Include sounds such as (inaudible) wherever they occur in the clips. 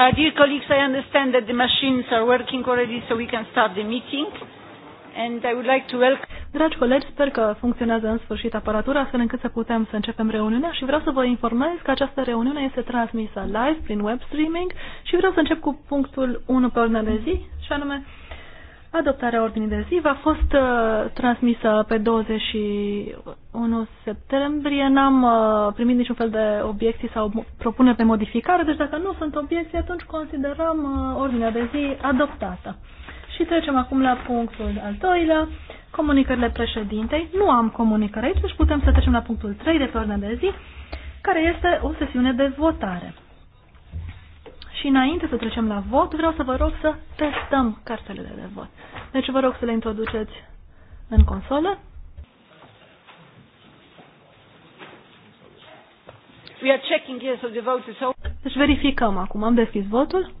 Uh, dear colleagues, I understand that the machines are working already, so we can start the meeting. And I would like to welcome... Dragi colegi, sper că funcționează în sfârșit aparatura, astfel încât să putem să începem reuniunea și vreau să vă informez că această reuniune este transmisă live prin web streaming și vreau să încep cu punctul 1 pe ordinea de zi, și anume Adoptarea ordinii de zi a fost uh, transmisă pe 21 septembrie. N-am uh, primit niciun fel de obiecții sau propuneri de modificare, deci dacă nu sunt obiecții, atunci considerăm uh, ordinea de zi adoptată. Și trecem acum la punctul al doilea, comunicările președintei. Nu am comunicări aici, deci putem să trecem la punctul 3 de pe ordinea de zi, care este o sesiune de votare. Și înainte să trecem la vot, vreau să vă rog să testăm cartelele de vot. Deci vă rog să le introduceți în consolă. We are checking the vote Deci verificăm acum. Am deschis votul.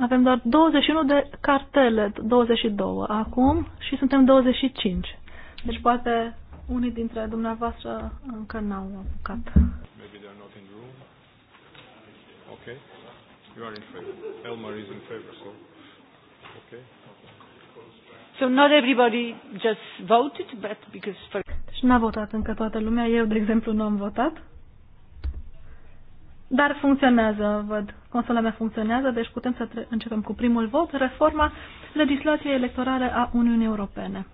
Avem doar 21 de cartele, 22 acum și suntem 25. Deci poate unii dintre dumneavoastră încă n-au apucat. Maybe not in room. Okay. You are in favor. Elmar is in favor, so Okay. So not everybody just voted, but because for... Deci n-a votat încă toată lumea. Eu, de exemplu, nu am votat. Dar funcționează, văd. Consola mea funcționează, deci putem să începem cu primul vot. Reforma legislației electorale a Uniunii Europene.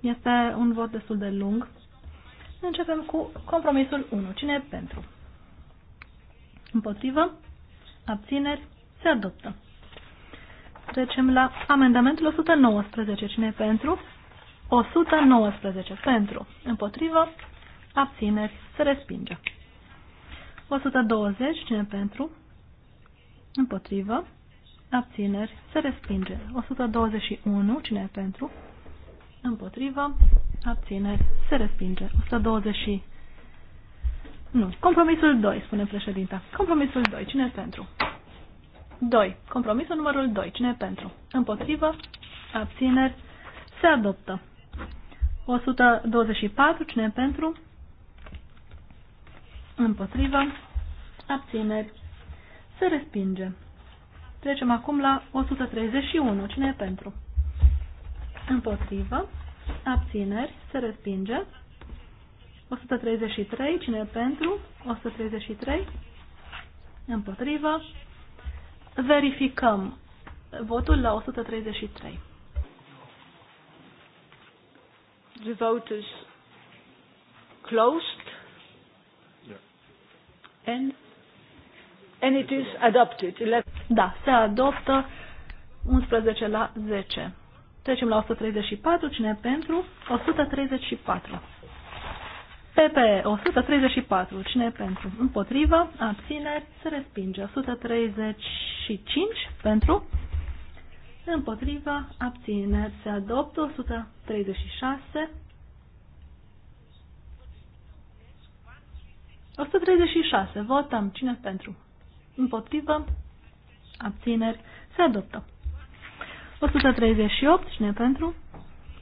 Este un vot destul de lung. Începem cu compromisul 1. Cine e pentru? Împotrivă? Abțineri? Se adoptă. Trecem la amendamentul 119. Cine e pentru? 119. Pentru. Împotrivă. Abțineri. Se respinge. 120. Cine e pentru? Împotrivă. Abțineri. Se respinge. 121. Cine e pentru? Împotrivă. Abțineri. Se respinge. 120. Nu. Compromisul 2, spune președinta. Compromisul 2. Cine e pentru? 2. Compromisul numărul 2. Cine e pentru? Împotrivă. Abțineri. Se adoptă. 124. Cine e pentru? Împotrivă. Abțineri. Se respinge. Trecem acum la 131. Cine e pentru? Împotrivă. Abțineri. Se respinge. 133. Cine e pentru? 133. Împotrivă. Verificăm votul la 133. The vote is closed. Yeah. And, and it is adopted. Da, se adoptă 11 la 10. Trecem la 134. Cine pentru? 134. PP 134. Cine e pentru? Împotrivă. abține, Se respinge. 135. Pentru. Împotrivă. abține, Se adoptă. 136. 136. Votăm. Cine pentru? Împotrivă. Abțineri. Se adoptă. 138. Cine pentru?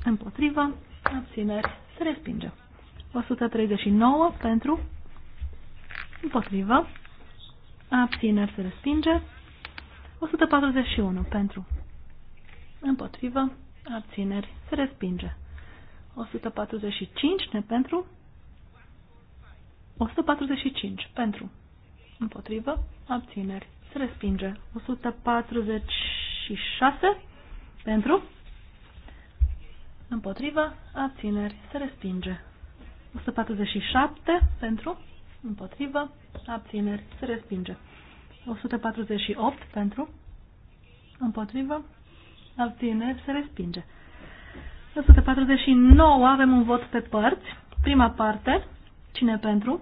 Împotrivă. Abțineri. Se respinge. 139 pentru, împotrivă, abțineri se respinge, 141 pentru, împotrivă, abțineri se respinge, 145 ne pentru, 145 pentru, împotrivă, abțineri se respinge, 146 pentru, împotrivă, abțineri se respinge. 147 pentru, împotrivă, abțineri, se respinge. 148 pentru, împotrivă, abțineri, se respinge. 149 avem un vot pe părți. Prima parte, cine pentru,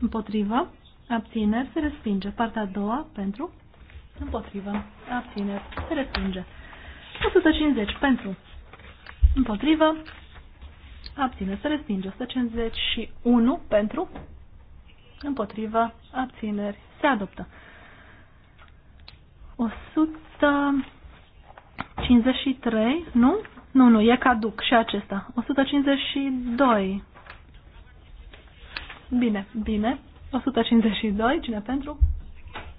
împotrivă, abțineri, se respinge. Partea a doua, pentru, împotrivă, abțineri, se respinge. 150 pentru, împotrivă, abține, se respinge. 151 pentru, împotriva, abțineri, se adoptă. 153, nu? Nu, nu, e caduc și acesta. 152. Bine, bine. 152, cine pentru?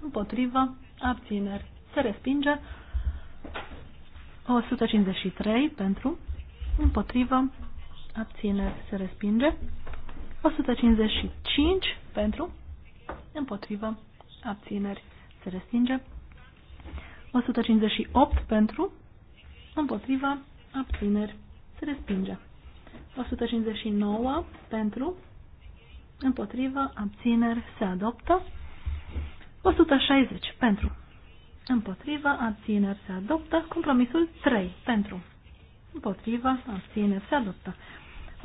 Împotriva, abțineri. Se respinge. 153 pentru, împotrivă, abțineri se respinge. 155 pentru, împotrivă, abțineri se respinge. 158 pentru, împotrivă, abțineri se respinge. 159 pentru, împotrivă, abțineri se adoptă. 160 pentru, împotrivă, abțineri se adoptă. Compromisul 3 pentru, împotrivă, abțineri se adoptă.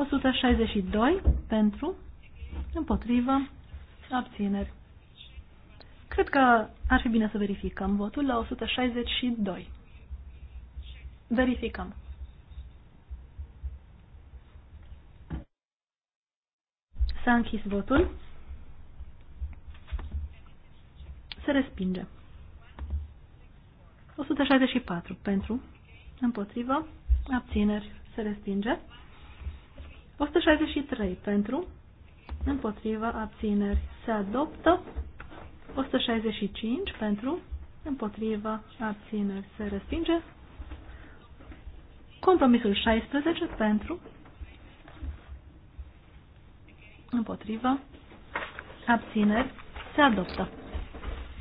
162 pentru, împotrivă, abțineri. Cred că ar fi bine să verificăm votul la 162. Verificăm. S-a închis votul. Se respinge. 164 pentru, împotrivă, abțineri, se respinge. 163 pentru, împotriva abțineri se adoptă. 165 pentru, împotriva abțineri se respinge. Compromisul 16 pentru, împotriva abțineri se adoptă.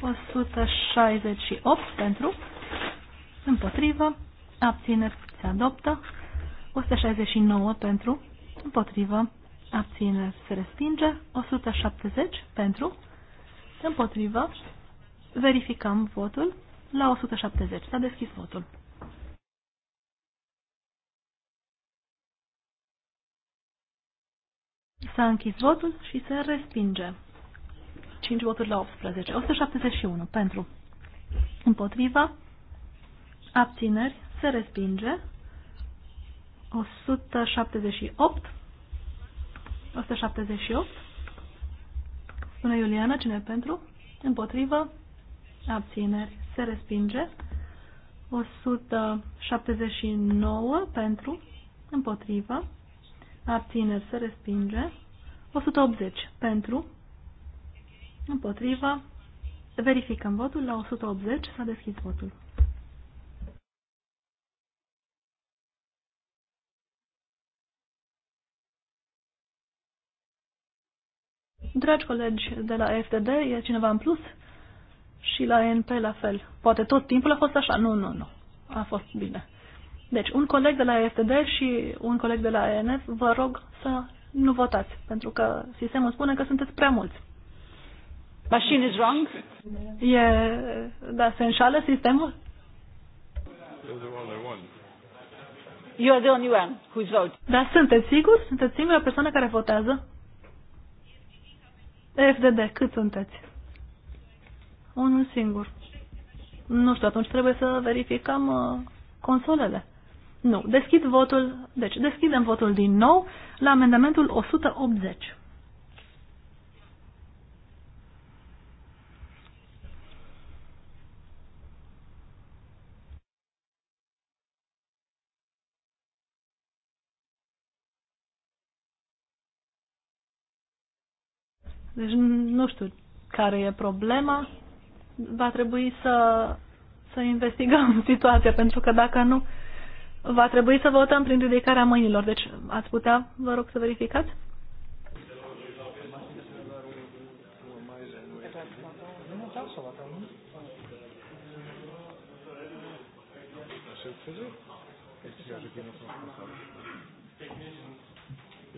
168 pentru, împotriva abțineri se adoptă. 169 pentru, împotrivă, Abține se respinge, 170 pentru, împotrivă, verificăm votul la 170. S-a deschis votul. S-a închis votul și se respinge. 5 voturi la 18. 171 pentru. Împotriva. Abțineri. Se respinge. 178. 178. Spune Iuliana, cine pentru? Împotrivă. Abțineri. Se respinge. 179 pentru. Împotrivă. Abțineri. Se respinge. 180 pentru. Împotrivă. Verificăm votul. La 180 s-a deschis votul. Dragi colegi de la FDD, e cineva în plus? Și la ENP la fel. Poate tot timpul a fost așa. Nu, nu, nu. A fost bine. Deci, un coleg de la FDD și un coleg de la ENF, vă rog să nu votați, pentru că sistemul spune că sunteți prea mulți. Machine is wrong? E, da, se înșală sistemul? You are the only one who's voted. Dar sunteți sigur? Sunteți singura persoană care votează? FDD, cât sunteți? Unul singur. Nu știu, atunci trebuie să verificăm uh, consolele. Nu, deschid votul, deci deschidem votul din nou la amendamentul 180. Deci nu știu care e problema. Va trebui să, să investigăm (laughs) situația, pentru că dacă nu, va trebui să votăm prin ridicarea mâinilor. Deci ați putea, vă rog, să verificați? Thank deci, you.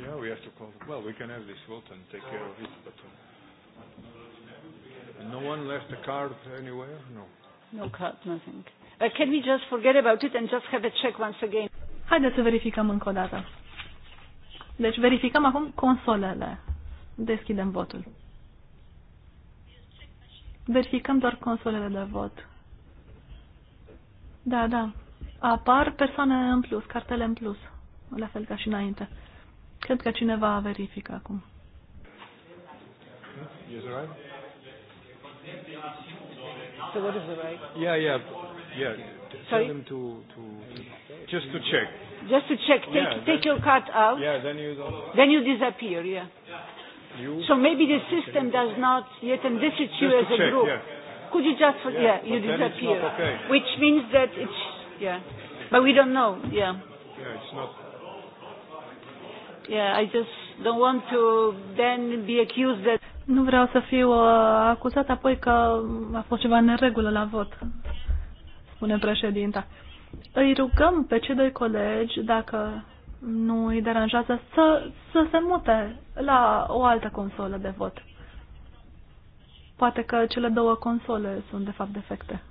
Yeah, we have to call. Well, we can have this vote and take care of it, but. Uh, no one left a card anywhere? No. No card, nothing. Uh, can we just forget about it and just have a check once again? Haideți să verificăm încă o dată. Deci verificăm acum consolele. Deschidem votul. Verificăm doar consolele de vot. Da, da. Apar persoane în plus, cartele în plus, la fel ca și înainte. Cred că cineva verifică acum. So what is the right? Yeah, yeah, yeah. Sorry? them to, to, just to check. Just to check. Take, yeah, take your card out. Yeah, then you don't. Then you disappear. Yeah. You so maybe the system does not yet and this is you as a check, group. Yeah. Could you just yeah, yeah you disappear, okay. which means that it's yeah, but we don't know. Yeah. Yeah, it's not nu vreau să fiu uh, acuzat apoi că a fost ceva neregulă la vot, spune președinta. Îi rugăm pe cei doi colegi, dacă nu îi deranjează, să, să se mute la o altă consolă de vot. Poate că cele două console sunt de fapt defecte.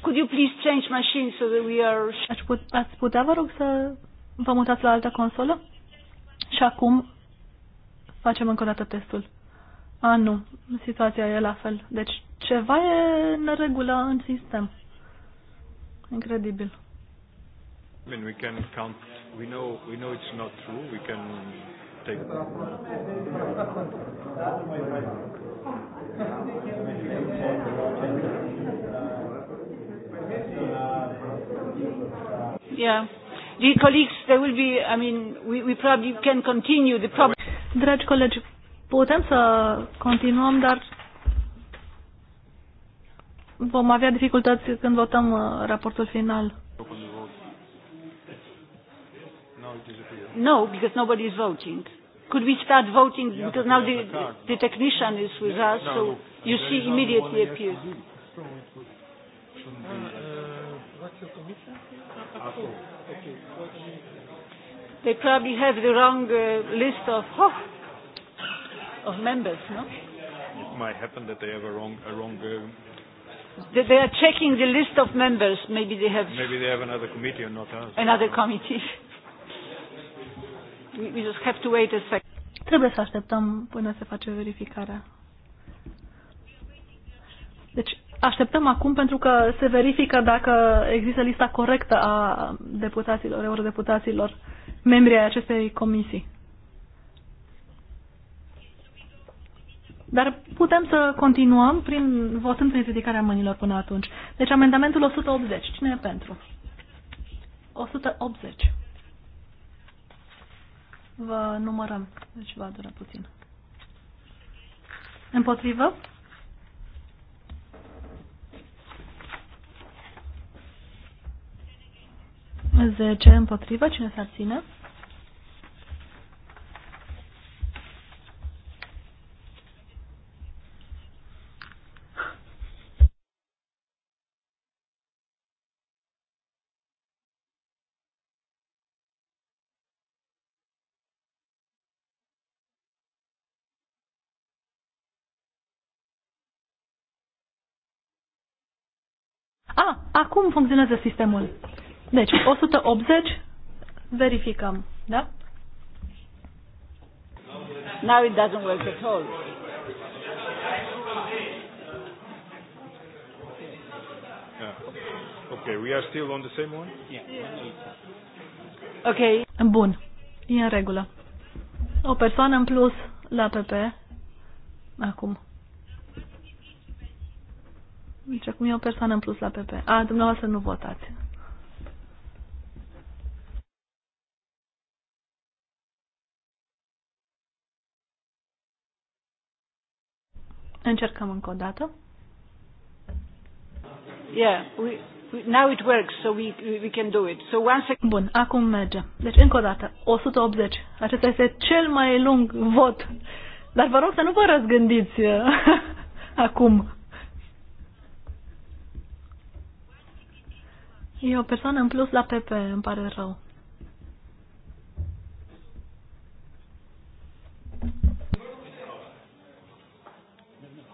Could you please change machine so that we are... Ați, ați putea, vă rog, să vă mutați la altă consolă? Și acum facem încă o dată testul. A, nu. Situația e la fel. Deci ceva e în regulă în sistem. Incredibil. I mean, we can count. We know. We know it's not true. We can take. Yeah. Dear colleagues, there will be, I mean, we, we probably can continue the problem. Dragi colegi, putem să continuăm, dar vom avea dificultăți când votăm uh, raportul final. No, because nobody is voting. Could we start voting yeah, because now the, the technician is with yeah, us, no, so you see immediately appears. Uh, uh, what's your commission? They probably have the wrong uh, list of oh, of members, no? It might happen that they have a wrong a wrong. Uh, they, they are checking the list of members. Maybe they have. Maybe they have another committee and not us. Another committee. (laughs) we, we just have to wait a second. Trebuie să așteptăm până se face verificarea. Deci așteptăm acum pentru că se verifică dacă există lista corectă a deputaților, eurodeputaților, membrii ai acestei comisii. Dar putem să continuăm prin, votând prin ridicarea mâinilor până atunci. Deci amendamentul 180. Cine e pentru? 180. Vă numărăm. Deci va dura puțin. Împotrivă? 10 împotrivă. Cine se abține? Ah, acum funcționează sistemul. Deci, 180, verificăm, da? Now it doesn't work at all. Okay, we are still on the same one? Yeah. Okay. Bun. E în regulă. O persoană în plus la PP. Acum. Deci acum e o persoană în plus la PP. A, dumneavoastră nu votați. Încercăm încă o dată. Yeah, we, we, now it works, so we, we can do it. So once Bun, acum merge. Deci încă o dată, 180. Acesta este cel mai lung vot. Dar vă rog să nu vă răzgândiți uh, (laughs) acum. E o persoană în plus la PP, îmi pare rău.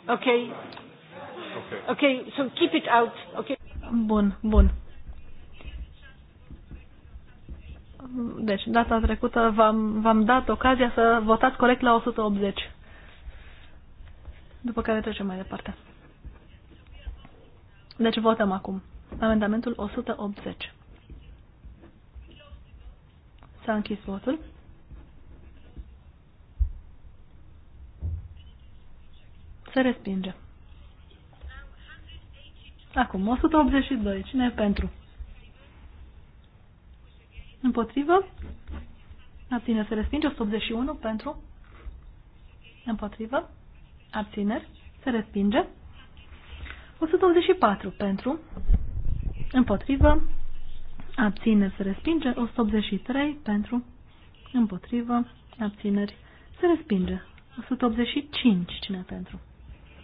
Okay. Okay, so keep it out. Okay. Bun, bun. Deci, data trecută v-am, v-am dat ocazia să votați corect la 180. După care trecem mai departe. Deci votăm acum. Amendamentul 180. S-a închis votul. Se respinge. Acum, 182. Cine e pentru? Împotrivă? Abține, se respinge. 181 pentru? Împotrivă? Abțineri? Se respinge. 184 pentru? Împotrivă? Abțineri, se respinge. 183 pentru? Împotrivă? Abțineri, se respinge. 185. Cine pentru?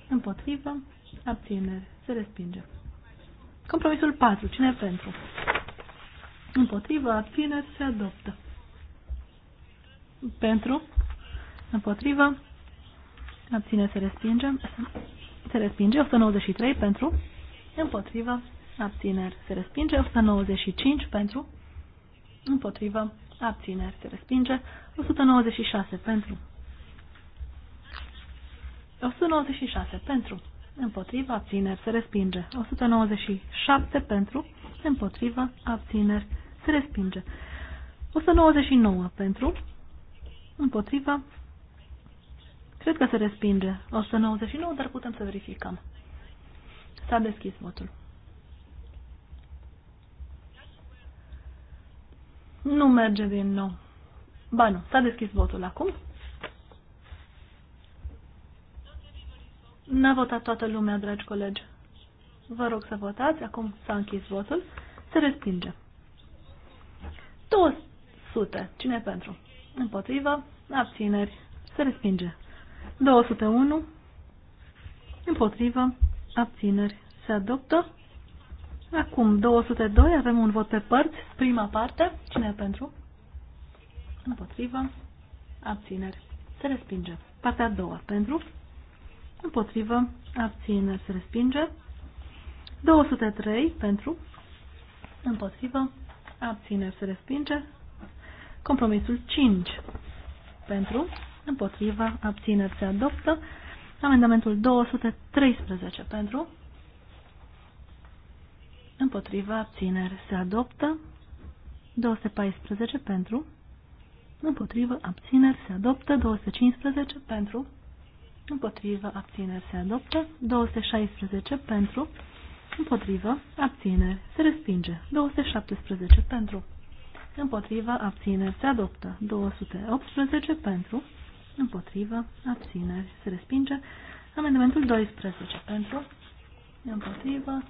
Împotrivă. Abțineri. Se respinge. Compromisul 4. Cine e pentru? Împotrivă. Abțineri. Se adoptă. Pentru. Împotrivă. Abține se respinge. Se respinge 193 pentru. Împotrivă. Abțineri se respinge. 195 pentru. Împotrivă. Abțineri se respinge. 196 pentru. 196 pentru, împotrivă, abțineri, se respinge. 197 pentru, împotrivă, abțineri, se respinge. 199 pentru, împotrivă, cred că se respinge. 199, dar putem să verificăm. S-a deschis votul. Nu merge din nou. Ba nu, s-a deschis votul acum. N-a votat toată lumea, dragi colegi. Vă rog să votați. Acum s-a închis votul. Se respinge. 200. Cine pentru? Împotrivă. Abțineri. Se respinge. 201. Împotrivă. Abțineri. Se adoptă. Acum, 202, avem un vot pe părți. Prima parte, cine e pentru? Împotrivă. Abțineri. Se respinge. Partea a doua, pentru? împotrivă, abține, se respinge. 203 pentru, împotrivă, abține, se respinge. Compromisul 5 pentru, împotrivă, abține, se adoptă. Amendamentul 213 pentru, împotrivă, abțineri se adoptă. 214 pentru, împotrivă, abțineri se adoptă. 215 pentru, împotrivă, abțineri se adoptă, 216 pentru, împotrivă, abțineri se respinge, 217 pentru, împotrivă, abțineri se adoptă, 218 pentru, împotrivă, abțineri se respinge, amendamentul 12 pentru, împotrivă,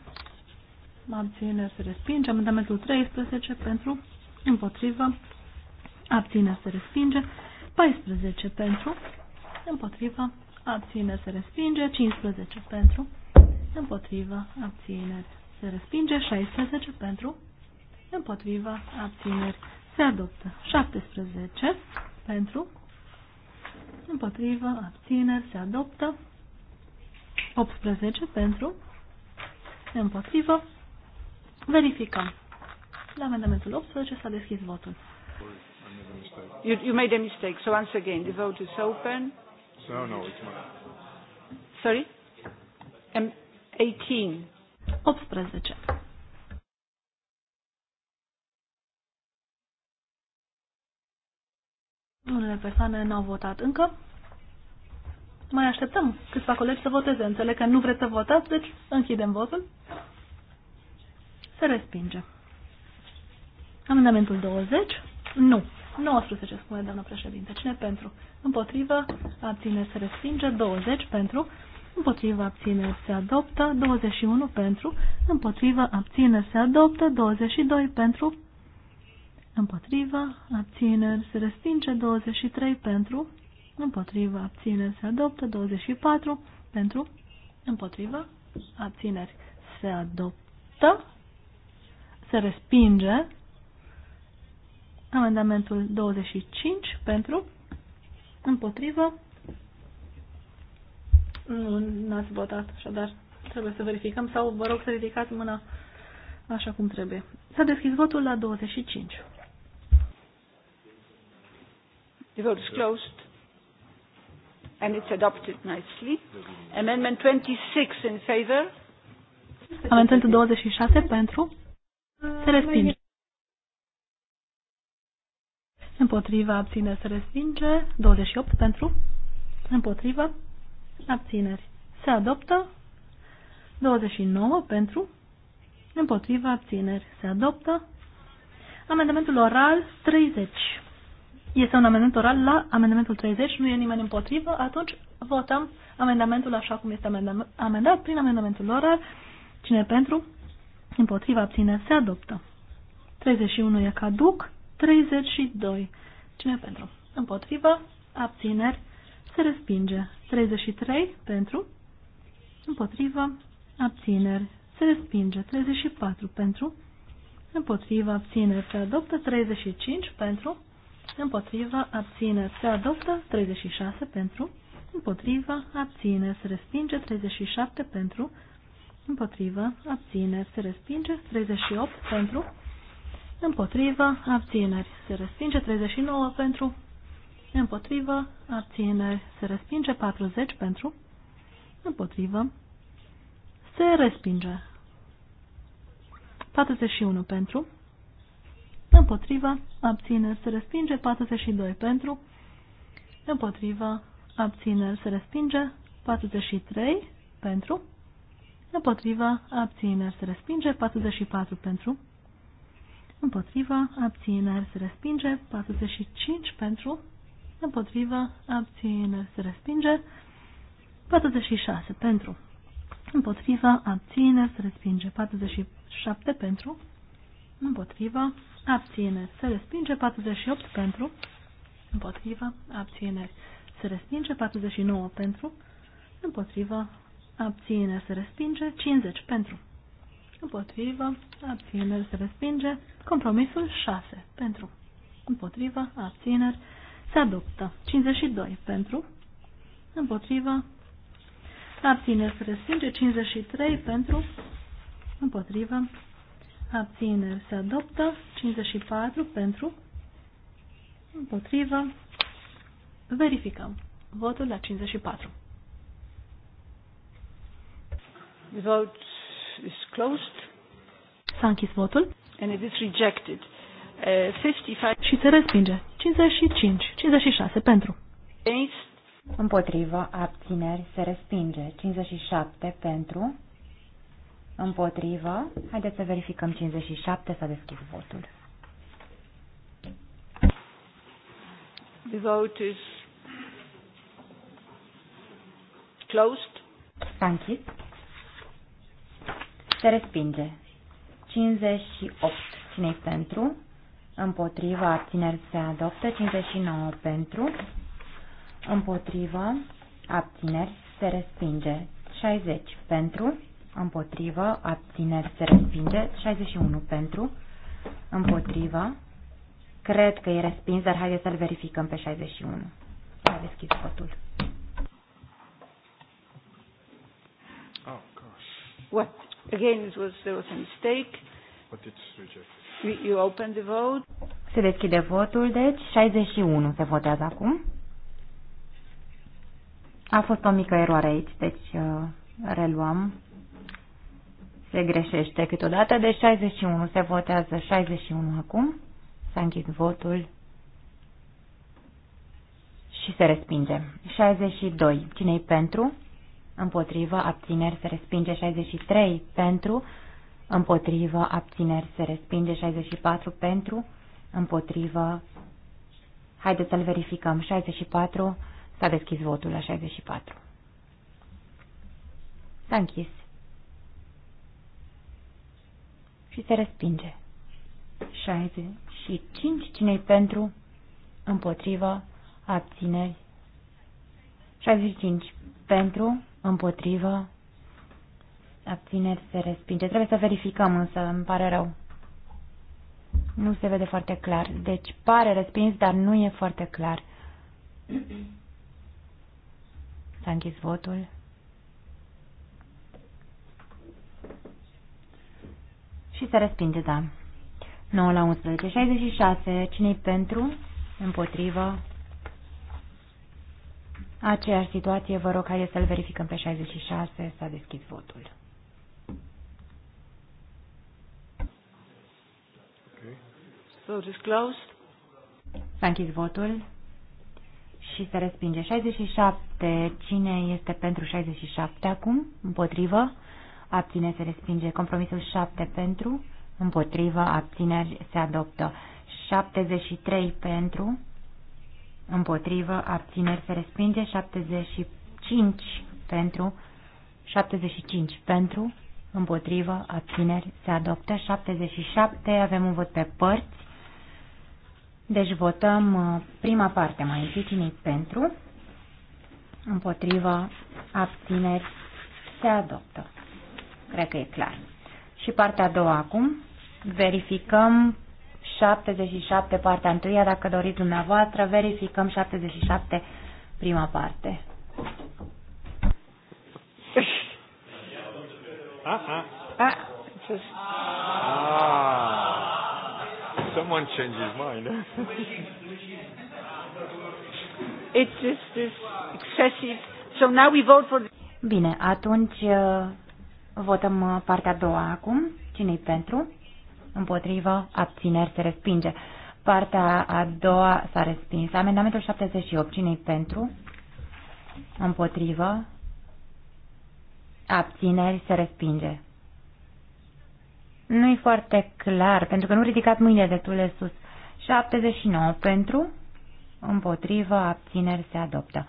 abțineri se respinge, amendamentul 13 pentru, împotrivă, abțineri se respinge, 14 pentru, împotrivă, Abține, se respinge, 15 pentru, împotriva, abțineri se respinge, 16 pentru, împotriva, abțineri se adoptă, 17 pentru, împotriva, abțineri se adoptă, 18 pentru, împotriva, verificăm. La amendamentul 18 s-a deschis votul. You, you made a mistake, so once again the vote is open. No, no, it's my... Sorry? m 18. 18. Unele persoane n-au votat încă. Mai așteptăm câțiva colegi să voteze. Înțeleg că nu vreți să votați, deci închidem votul. Se respinge. Amendamentul 20? Nu. 19 spune doamna președinte. Cine pentru? Împotrivă, abține, se respinge. 20 pentru, împotrivă, abține, se adoptă. 21 pentru, împotrivă, abține, se adoptă. 22 pentru, împotrivă, abține, se respinge. 23 pentru, împotrivă, abține, se adoptă. 24 pentru, împotrivă, abțineri, se adoptă, se respinge. Amendamentul 25 pentru, împotrivă, nu n-ați votat, așadar trebuie să verificăm sau vă rog să ridicați mâna așa cum trebuie. S-a deschis votul la 25. The vote is closed and it's adopted nicely. Amendment 26 in favor. Amendamentul 26 pentru se respinge. Împotriva abține se respinge. 28 pentru. Împotriva abțineri se adoptă. 29 pentru. Împotriva abțineri se adoptă. Amendamentul oral 30. Este un amendament oral la amendamentul 30. Nu e nimeni împotrivă. Atunci votăm amendamentul așa cum este amendat prin amendamentul oral. Cine pentru? Împotriva abține. se adoptă. 31 e caduc. 32. Cine pentru? Împotrivă. Abțineri. Se respinge. 33. Pentru. Împotrivă. Abțineri. Se respinge. 34. Pentru. Împotrivă. Abțineri. Se adoptă. 35. Pentru. Împotrivă. Abțineri. Se adoptă. 36. Pentru. Împotrivă. Abțineri. Se respinge. 37. Pentru. Împotrivă. Abțineri. Se respinge. 38. Pentru împotrivă, abțineri, se respinge 39 pentru, împotrivă, abțineri, se respinge 40 pentru, împotrivă, se respinge 41 pentru, împotrivă, abțineri, se respinge 42 pentru, împotrivă, abțineri, se respinge 43 pentru, împotrivă, abțineri, se respinge 44 pentru, împotriva, abțineri, se respinge, 45 pentru, împotriva, abțineri, se respinge, 46 pentru, împotriva, abțineri, se respinge, 47 pentru, împotriva, abțineri, se respinge, 48 pentru, împotriva, abțineri, se respinge, 49 pentru, împotriva, abțineri, se respinge, 50 pentru, împotrivă, abțineri, se respinge. Compromisul 6 pentru, împotrivă, abțineri, se adoptă. 52 pentru, împotrivă, abțineri, se respinge. 53 pentru, împotrivă, abțineri, se adoptă. 54 pentru, împotrivă, verificăm. Votul la 54. Vote is closed. S-a închis votul. And it is rejected. Uh, 55. Și se respinge. 55. 56 pentru. Against. Împotrivă, abțineri, se respinge. 57 pentru. Împotrivă. Haideți să verificăm 57, s-a deschis votul. The vote is closed. Thank you. Se respinge. 58. cine pentru? Împotriva. Abțineri se adoptă. 59 pentru. Împotriva. Abțineri se respinge. 60 pentru. împotriva Abțineri se respinge. 61 pentru. Împotriva. Cred că e respins, dar haideți să-l verificăm pe 61. S-a deschis votul. Oh, gosh. What? Again, it was, there was a mistake. But it's rejected. You open the vote. Se deschide votul, deci 61 se votează acum. A fost o mică eroare aici, deci uh, reluăm. Se greșește câteodată, deci 61 se votează 61 acum. S-a închis votul și se respinge. 62. Cine-i pentru? împotrivă, abțineri, se respinge 63 pentru, împotrivă, abțineri, se respinge 64 pentru, împotrivă. Haideți să-l verificăm. 64, s-a deschis votul la 64. S-a închis. Și se respinge. 65, cine pentru, împotrivă, abțineri. 65 pentru, împotrivă, abțineri se respinge. Trebuie să verificăm însă, îmi pare rău. Nu se vede foarte clar. Deci pare respins, dar nu e foarte clar. S-a închis votul. Și se respinge, da. 9 la 11. 66. Cine-i pentru? Împotrivă. Aceeași situație, vă rog, haideți să-l verificăm pe 66, s-a deschis votul. Vote is closed. S-a închis votul și se respinge. 67. Cine este pentru 67 acum? Împotrivă. Abține, se respinge. Compromisul 7 pentru. Împotrivă. Abțineri, se adoptă. 73 pentru împotrivă, abțineri se respinge, 75 pentru, 75 pentru, împotrivă, abțineri se adoptă, 77 avem un vot pe părți, deci votăm uh, prima parte mai întâi cine pentru, împotrivă, abțineri se adoptă. Cred că e clar. Și partea a doua acum, verificăm 77, partea întâia, dacă doriți dumneavoastră, verificăm 77, prima parte. Aha. Ah, just... ah. ah. Someone changed his mind. (laughs) It's just this excessive. So now we vote for. Bine, atunci uh, votăm uh, partea a doua acum. Cine-i pentru? împotrivă, abțineri, se respinge. Partea a doua s-a respins. Amendamentul 78, cine pentru? Împotrivă, abțineri, se respinge. Nu e foarte clar, pentru că nu ridicat mâinile de tule sus. 79 pentru, împotrivă, abțineri, se adoptă.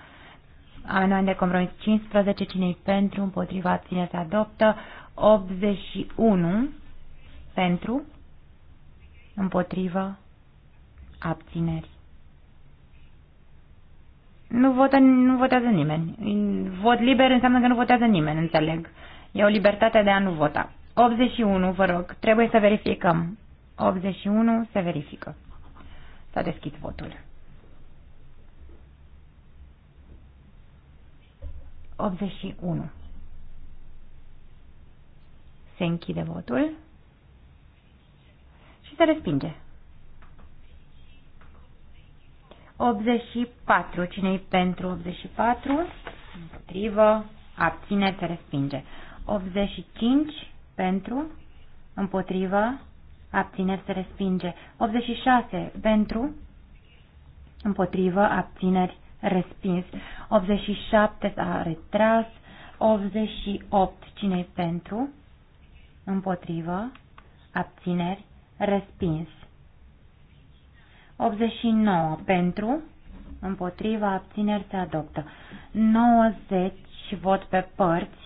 Amendament de compromis 15, cine pentru, împotriva, abțineri se adoptă. 81 pentru, Împotrivă. Abțineri. Nu, votă, nu votează nimeni. Vot liber înseamnă că nu votează nimeni, înțeleg. E o libertate de a nu vota. 81, vă rog, trebuie să verificăm. 81 se verifică. S-a deschis votul. 81. Se închide votul și se respinge. 84. Cine-i pentru 84? Împotrivă. Abține, se respinge. 85 pentru. Împotrivă. Abține, se respinge. 86 pentru. Împotrivă. Abțineri respins. 87 s-a retras. 88. Cine-i pentru? Împotrivă. Abțineri Respins. 89 pentru, împotriva, abțineri se adoptă. 90 vot pe părți.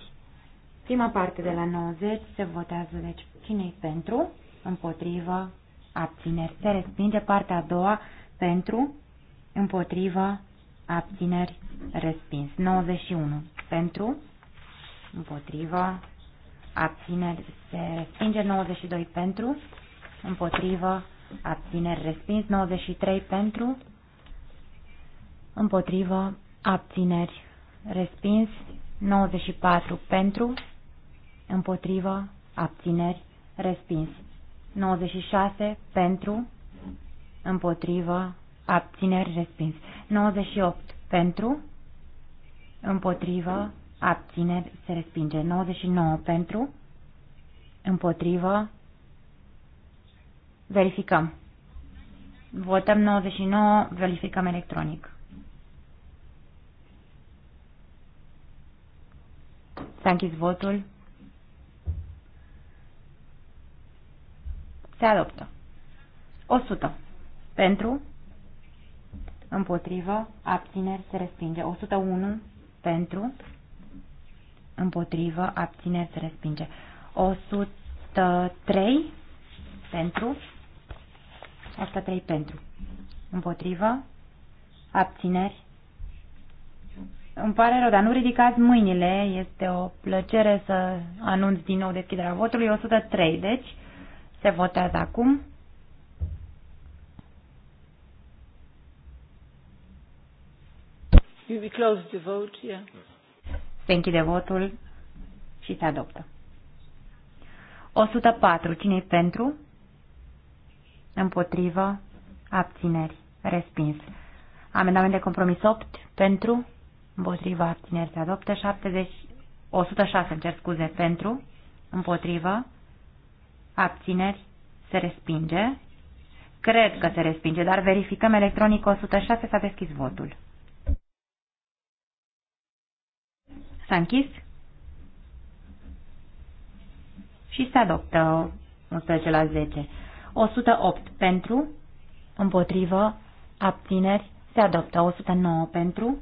Prima parte de la 90 se votează, deci cine pentru, împotriva, abțineri se respinge. Partea a doua pentru, împotriva, abțineri respins. 91 pentru, împotriva, abțineri se respinge. 92 pentru, împotrivă, abțineri respins, 93 pentru, împotrivă, abțineri respins, 94 pentru, împotrivă, abțineri respins, 96 pentru, împotrivă, abțineri respins, 98 pentru, împotrivă, abțineri se respinge, 99 pentru, împotrivă, Verificăm. Votăm 99, verificăm electronic. S-a închis votul. Se adoptă. 100. Pentru. Împotrivă. Abțineri. Se respinge. 101. Pentru. Împotrivă. Abțineri. Se respinge. 103. Pentru trei pentru. Împotrivă. Abțineri. Îmi pare rău, dar nu ridicați mâinile. Este o plăcere să anunț din nou deschiderea votului. 103, deci se votează acum. You be close the vote, yeah. Se închide votul și se adoptă. 104. Cine-i pentru? împotrivă, abțineri, respins. Amendament de compromis 8, pentru, împotrivă, abțineri, se adoptă 70, 106, îmi cer scuze, pentru, împotrivă, abțineri, se respinge. Cred că se respinge, dar verificăm electronic 106, s-a deschis votul. S-a închis și se adoptă 11 la 10. 108 pentru, împotrivă, abțineri, se adoptă. 109 pentru,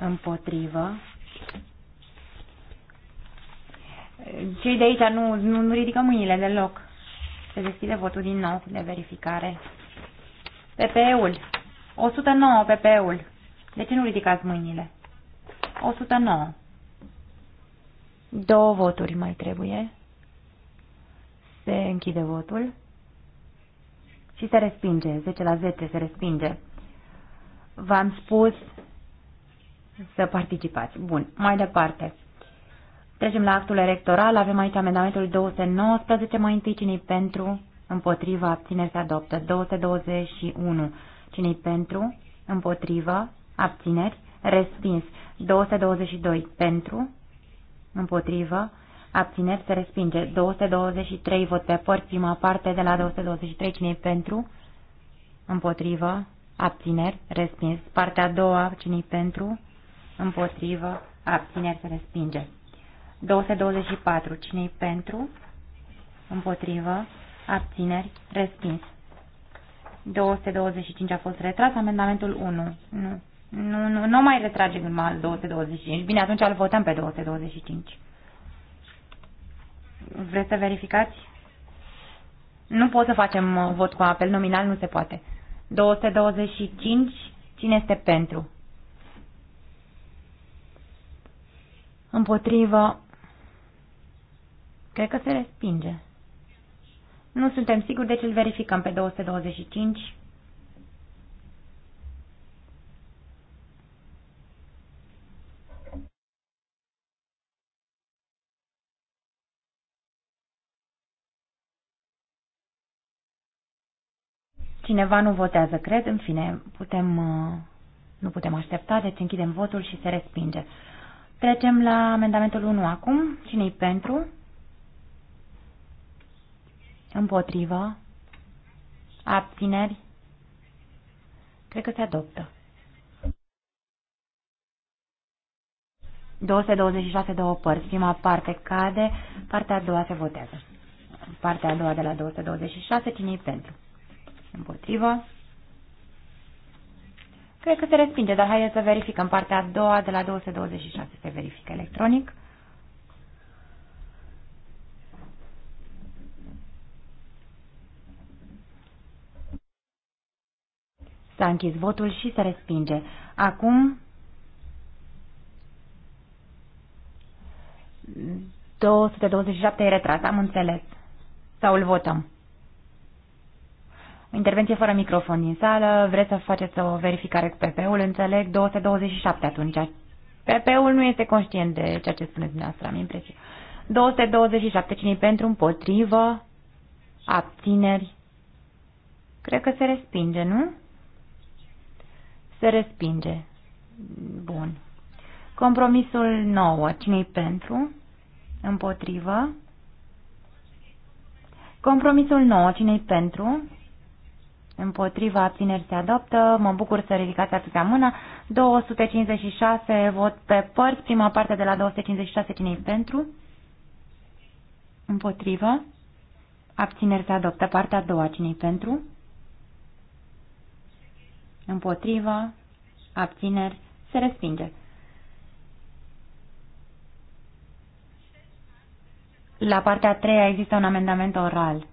împotrivă. Cei de aici nu, nu, nu ridică mâinile deloc. Se deschide votul din nou de verificare. PP-ul. 109 PP-ul. De ce nu ridicați mâinile? 109. Două voturi mai trebuie. Se închide votul și se respinge. 10 la 10 se respinge. V-am spus să participați. Bun, mai departe. Trecem la actul electoral. Avem aici amendamentul 219. Mai întâi cine pentru? Împotriva. Abțineri se adoptă. 221. cine pentru? Împotriva. Abțineri. Respins. 222. Pentru. împotriva abțineri, se respinge. 223 vot pe părți, prima parte de la 223, cine pentru, împotrivă, abțineri, respins. Partea a doua, cine pentru, împotrivă, abțineri, se respinge. 224, cine pentru, împotrivă, abțineri, respins. 225 a fost retras, amendamentul 1. Nu, nu, nu, nu mai retrage numai 225. Bine, atunci îl votăm pe 225. Vreți să verificați? Nu pot să facem uh, vot cu apel nominal, nu se poate. 225, cine este pentru? Împotrivă. Cred că se respinge. Nu suntem siguri, deci îl verificăm pe 225. Cineva nu votează, cred. În fine, putem, uh, nu putem aștepta, deci închidem votul și se respinge. Trecem la amendamentul 1 acum. Cine-i pentru? Împotrivă? Abțineri? Cred că se adoptă. 226 două părți. Prima parte cade, partea a doua se votează. Partea a doua de la 226, cine pentru? Împotrivă. Cred că se respinge, dar haideți să verificăm partea a doua de la 226. Se verifică electronic. S-a închis votul și se respinge. Acum 227 e retras, am înțeles. Sau îl votăm intervenție fără microfon din sală. Vreți să faceți o verificare cu PP-ul? Înțeleg. 227 atunci. PP-ul nu este conștient de ceea ce spuneți dumneavoastră, am impresia. 227. cine pentru? Împotrivă? Abțineri? Cred că se respinge, nu? Se respinge. Bun. Compromisul 9. cine pentru? Împotrivă? Compromisul 9. cine pentru? Împotriva abțineri se adoptă. Mă bucur să ridicați atâtea mână. 256 vot pe părți. Prima parte de la 256 cine pentru? Împotrivă. Abțineri se adoptă. Partea a doua cine pentru? Împotrivă. Abțineri se respinge. La partea a treia există un amendament oral.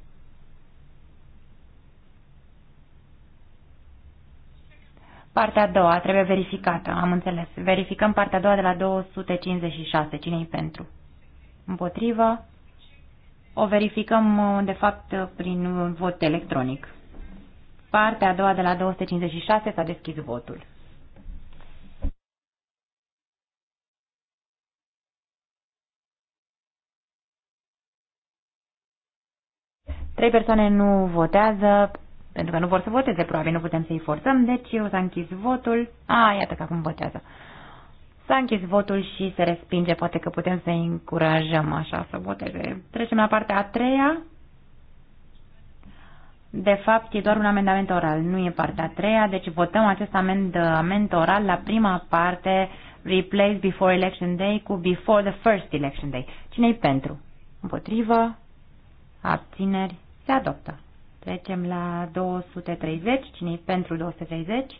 Partea a doua trebuie verificată, am înțeles. Verificăm partea a doua de la 256. cine e pentru? Împotrivă. O verificăm, uh, de fapt, uh, prin vot electronic. Partea a doua de la 256 s-a deschis votul. Trei persoane nu votează, pentru că nu vor să voteze, probabil nu putem să-i forțăm, deci eu s-a închis votul. A, iată că acum votează. S-a închis votul și se respinge, poate că putem să-i încurajăm așa să voteze. Trecem la partea a treia. De fapt, e doar un amendament oral, nu e partea a treia, deci votăm acest amendament oral la prima parte, replace before election day cu before the first election day. Cine-i pentru? Împotrivă? Abțineri? Se adoptă. Trecem la 230. Cine pentru 230?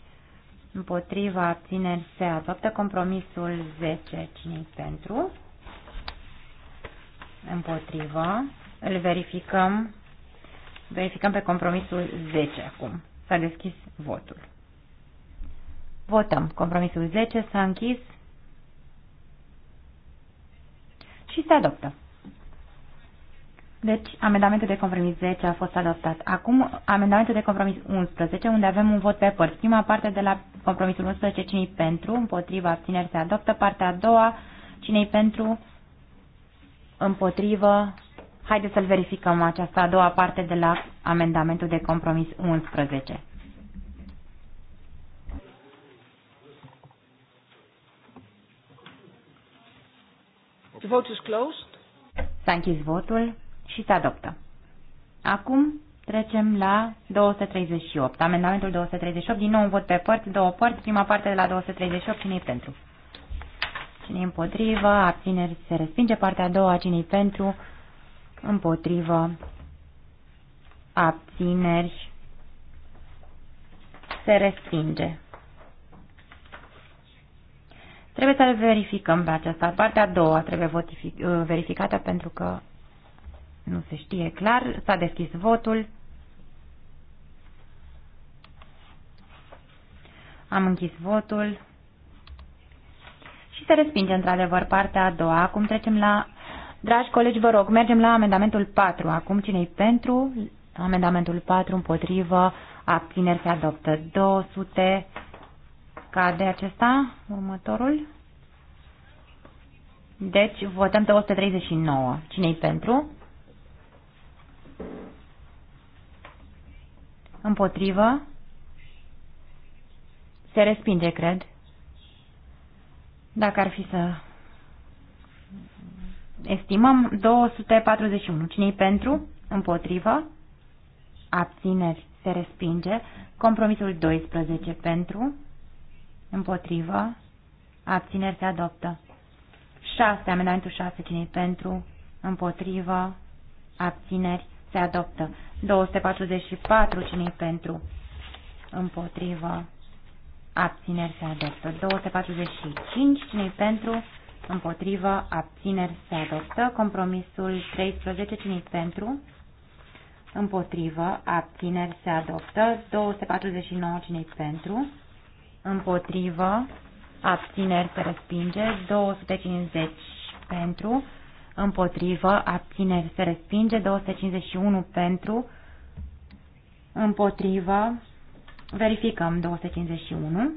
Împotriva abțineri se adoptă compromisul 10. cine pentru? Împotriva. Îl verificăm. Verificăm pe compromisul 10 acum. S-a deschis votul. Votăm. Compromisul 10 s-a închis și se adoptă. Deci, amendamentul de compromis 10 a fost adoptat. Acum, amendamentul de compromis 11, unde avem un vot pe părți. Prima parte de la compromisul 11, cine pentru, împotriva, abțineri se adoptă. Partea a doua, cine pentru, împotrivă. Haideți să-l verificăm această a doua parte de la amendamentul de compromis 11. The vote is closed. Thank you, votul și se adoptă. Acum trecem la 238. Amendamentul 238, din nou un vot pe părți, două părți, prima parte de la 238, cine pentru? cine împotrivă, abțineri se respinge, partea a doua, cine pentru, împotrivă, abțineri se respinge. Trebuie să le verificăm pe această parte a doua trebuie verificată pentru că nu se știe clar. S-a deschis votul. Am închis votul. Și se respinge într-adevăr partea a doua. Acum trecem la... Dragi colegi, vă rog, mergem la amendamentul 4. Acum cine pentru? Amendamentul 4 împotrivă. Abțineri se adoptă. 200 cade acesta, următorul. Deci votăm 239. Cine-i pentru? Împotrivă. Se respinge, cred. Dacă ar fi să estimăm, 241. Cine-i pentru? Împotrivă. Abțineri. Se respinge. Compromisul 12 pentru. Împotrivă. Abțineri se adoptă. 6. Amendamentul 6. Cine-i pentru? Împotrivă. Abțineri se adoptă. 244 cine pentru, împotrivă, abțineri se adoptă. 245 cine pentru, împotrivă, abțineri se adoptă. Compromisul 13 cine pentru, împotrivă, abțineri se adoptă. 249 cine pentru, împotrivă, abțineri se respinge. 250 pentru, împotrivă, abțineri se respinge, 251 pentru, împotrivă, verificăm 251.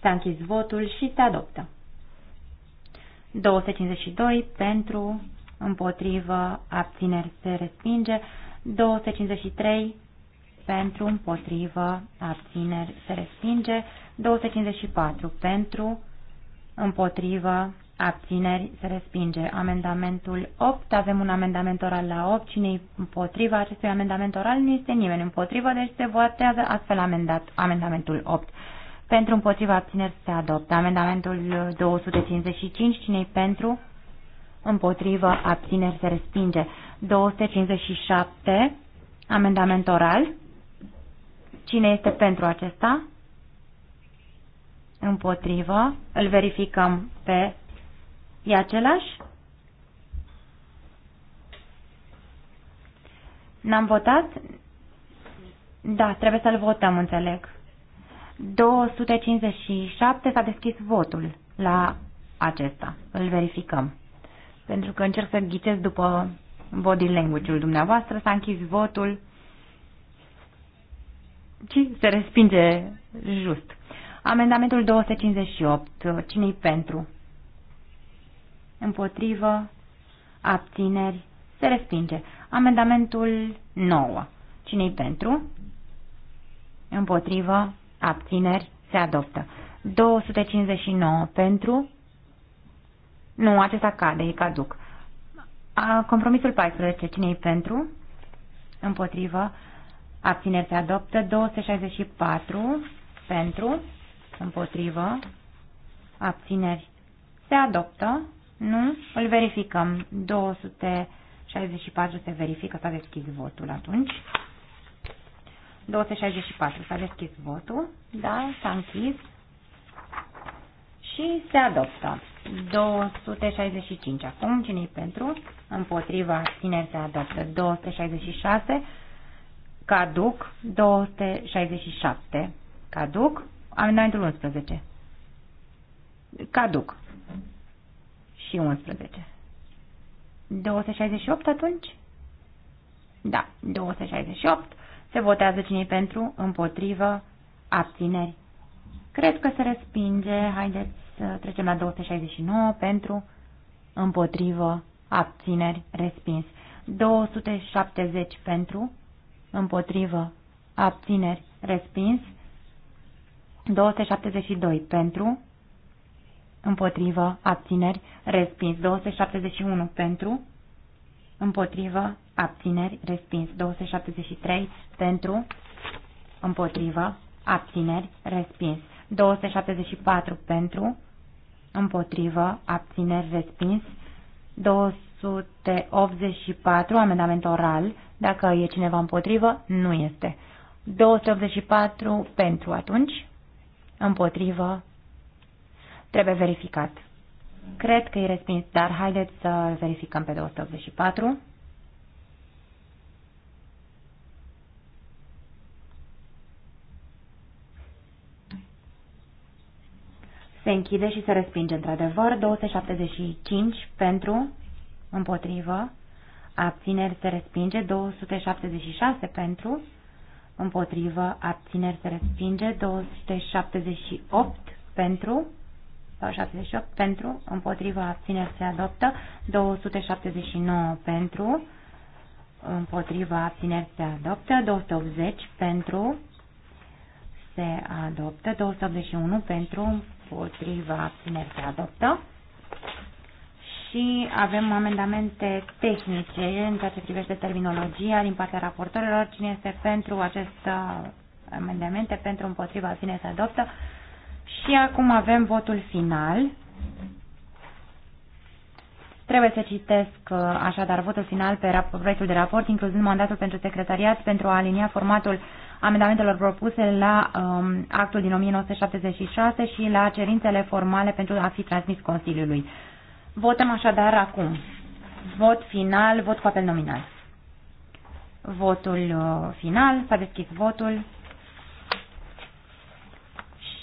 S-a închis votul și se adoptă. 252 pentru, împotrivă, abțineri se respinge, 253 pentru, împotrivă, abțineri, se respinge. 254 pentru, împotrivă, abțineri, se respinge. Amendamentul 8, avem un amendament oral la 8. cine împotriva acestui amendament oral? Nu este nimeni împotrivă, deci se votează astfel amendat, amendamentul 8. Pentru împotriva abțineri se adoptă. Amendamentul 255, cine pentru? Împotrivă, abțineri se respinge. 257, amendament oral. Cine este pentru acesta? Împotrivă. Îl verificăm pe... E același? N-am votat? Da, trebuie să-l votăm, înțeleg. 257 s-a deschis votul la acesta. Îl verificăm. Pentru că încerc să ghicesc după body language-ul dumneavoastră, s-a închis votul ci se respinge just. Amendamentul 258. Cine-i pentru? Împotrivă. Abțineri. Se respinge. Amendamentul 9. Cine-i pentru? Împotrivă. Abțineri. Se adoptă. 259 pentru. Nu, acesta cade, e caduc. A, compromisul 14. Cine-i pentru? Împotrivă abțineri se adoptă, 264 pentru, împotrivă, abțineri se adoptă, nu, îl verificăm, 264 se verifică, s-a deschis votul atunci. 264 s-a deschis votul, da, s-a închis și se adoptă. 265 acum, cine pentru? Împotriva, abțineri se adoptă. 266 Caduc 267. Caduc. am înainte 11. Caduc. Și 11. 268 atunci? Da, 268. Se votează cine pentru, împotrivă, abțineri. Cred că se respinge. Haideți să trecem la 269 pentru, împotrivă, abțineri, respins. 270 pentru, împotrivă, abțineri, respins. 272 pentru, împotrivă, abțineri, respins. 271 pentru, împotrivă, abțineri, respins. 273 pentru, împotrivă, abțineri, respins. 274 pentru, împotrivă, abțineri, respins. 200 284, amendament oral. Dacă e cineva împotrivă, nu este. 284 pentru atunci, împotrivă, trebuie verificat. Cred că e respins, dar haideți să verificăm pe 284. Se închide și se respinge într-adevăr 275 pentru împotrivă, abțineri se respinge, 276 pentru, împotrivă, abțineri se respinge, 278 pentru, sau 78 pentru, împotrivă, abțineri se adoptă, 279 pentru, împotrivă, abțineri se adoptă, 280 pentru, se adoptă, 281 pentru, împotrivă, abțineri se adoptă, și avem amendamente tehnice în ceea ce privește terminologia din partea raportorilor. Cine este pentru aceste uh, amendamente, pentru împotriva, abține, se adoptă. Și acum avem votul final. Trebuie să citesc uh, așadar votul final pe proiectul de raport, incluzând mandatul pentru secretariat pentru a alinia formatul amendamentelor propuse la um, actul din 1976 și la cerințele formale pentru a fi transmis Consiliului. Votăm așadar acum. Vot final, vot cu apel nominal. Votul uh, final, s-a deschis votul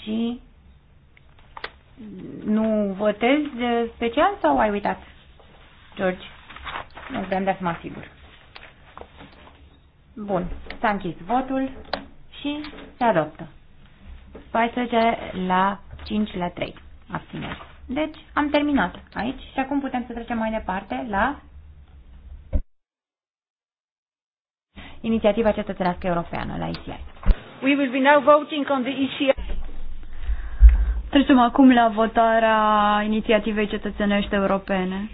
și nu votezi uh, special sau ai uitat, George? Nu vreau de să sigur. Bun, s-a închis votul și se adoptă. 14 la 5 la 3. Abținere. Deci am terminat aici și acum putem să trecem mai departe la inițiativa cetățenească europeană, la ICI. We will be now voting on the ECI. Trecem acum la votarea inițiativei cetățenești europene.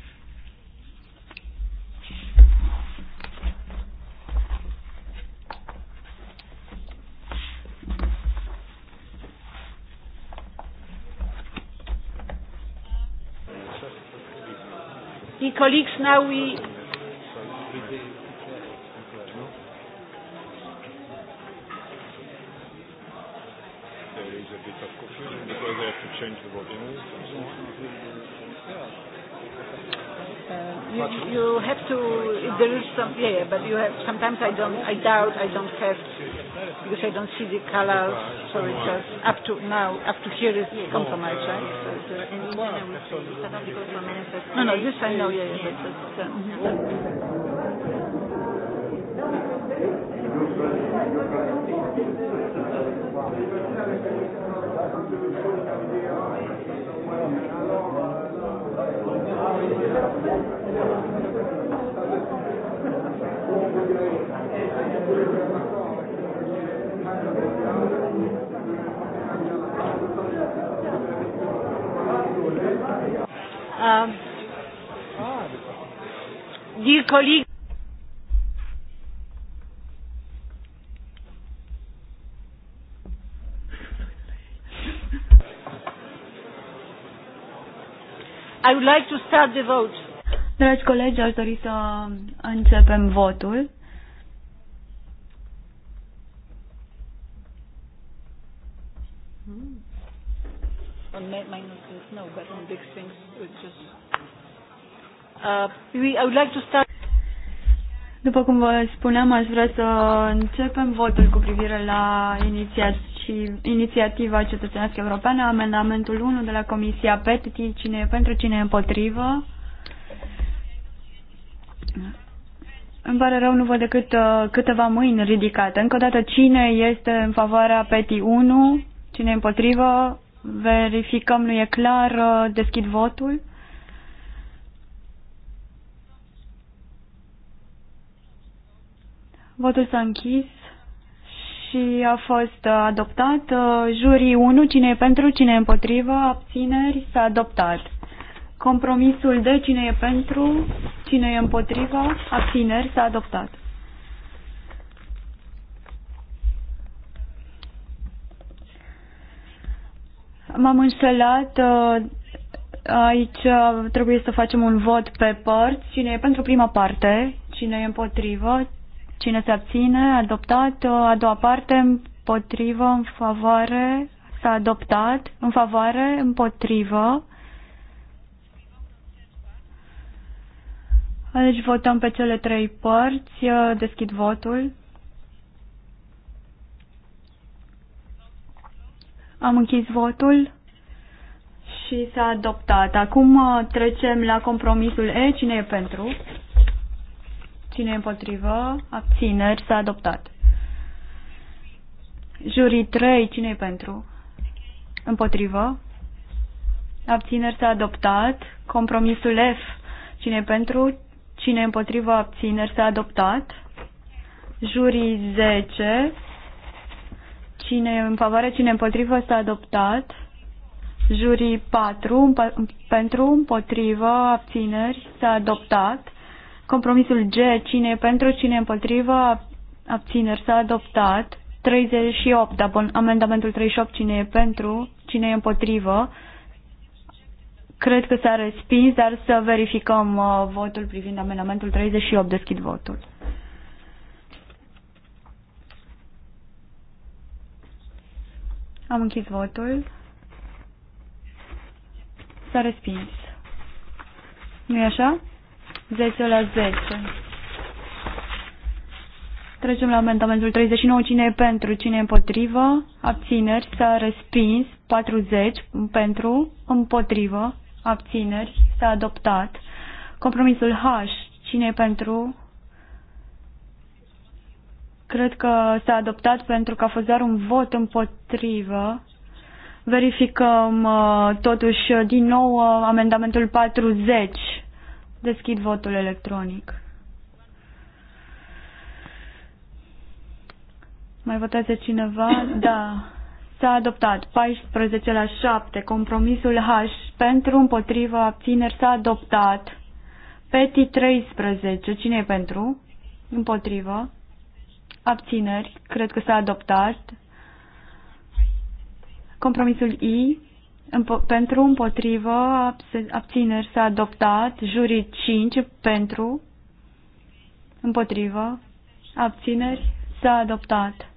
colleagues, now we. There is a bit of confusion because they have to change the voting Uh, you, you have to. There is some. Yeah, but you have. Sometimes I don't. I doubt. I don't have because I don't see the colors, so it's just up to now, up to here is compromise, right? So it's just, no, no, this I know, yeah, yeah, but it's, Thank you. Um, dear I would like to start the vote. Dragi colegi, aș dori să începem votul. Hmm. On minuses, no, but on big things, it's just. Uh, we, I would like to start. După cum vă spuneam, aș vrea să începem votul cu privire la inițiativa cetățenească europeană, amendamentul 1 de la Comisia PETI, cine e pentru, cine e împotrivă. Îmi pare rău, nu văd decât uh, câteva mâini ridicate. Încă o dată, cine este în favoarea PETI 1? Cine împotrivă? Verificăm, nu e clar. Uh, deschid votul. Votul s-a închis și a fost uh, adoptat. Uh, jurii 1, cine e pentru, cine e împotrivă, abțineri, s-a adoptat. Compromisul de cine e pentru, cine e împotrivă, abțineri, s-a adoptat. M-am înșelat. Uh, aici uh, trebuie să facem un vot pe părți. Cine e pentru prima parte? Cine e împotrivă? Cine se abține? Adoptat. Uh, a doua parte împotrivă, în favoare. S-a adoptat. În favoare, împotrivă. Deci votăm pe cele trei părți. Deschid votul. Am închis votul și s-a adoptat. Acum uh, trecem la compromisul E. Cine e pentru? Cine e împotrivă? Abțineri. S-a adoptat. Jurii 3. Cine e pentru? Împotrivă. Abțineri. S-a adoptat. Compromisul F. Cine e pentru? Cine e împotrivă? Abțineri. S-a adoptat. Jurii 10. Cine e în favoare, cine împotrivă s-a adoptat. Jurii 4 pentru, împotrivă, abțineri s-a adoptat. Compromisul G, cine e pentru, cine e împotrivă, abțineri s-a adoptat. 38, amendamentul 38, cine e pentru, cine e împotrivă. Cred că s-a respins, dar să verificăm uh, votul privind amendamentul 38. Deschid votul. Am închis votul. S-a respins. nu e așa? 10 la 10. Trecem la amendamentul 39. Cine e pentru? Cine e împotrivă? Abțineri. S-a respins. 40. Pentru. Împotrivă. Abțineri. S-a adoptat. Compromisul H. Cine e pentru? Cred că s-a adoptat pentru că a fost doar un vot împotrivă. Verificăm uh, totuși uh, din nou uh, amendamentul 40. Deschid votul electronic. Mai votează cineva? (coughs) Da. S-a adoptat 14 la 7. Compromisul H pentru împotriva abțineri s-a adoptat. Peti 13. Cine e pentru? Împotrivă abțineri, cred că s-a adoptat. Compromisul I, pentru, împotrivă, abțineri, s-a adoptat. Jurii 5, pentru, împotrivă, abțineri, s-a adoptat.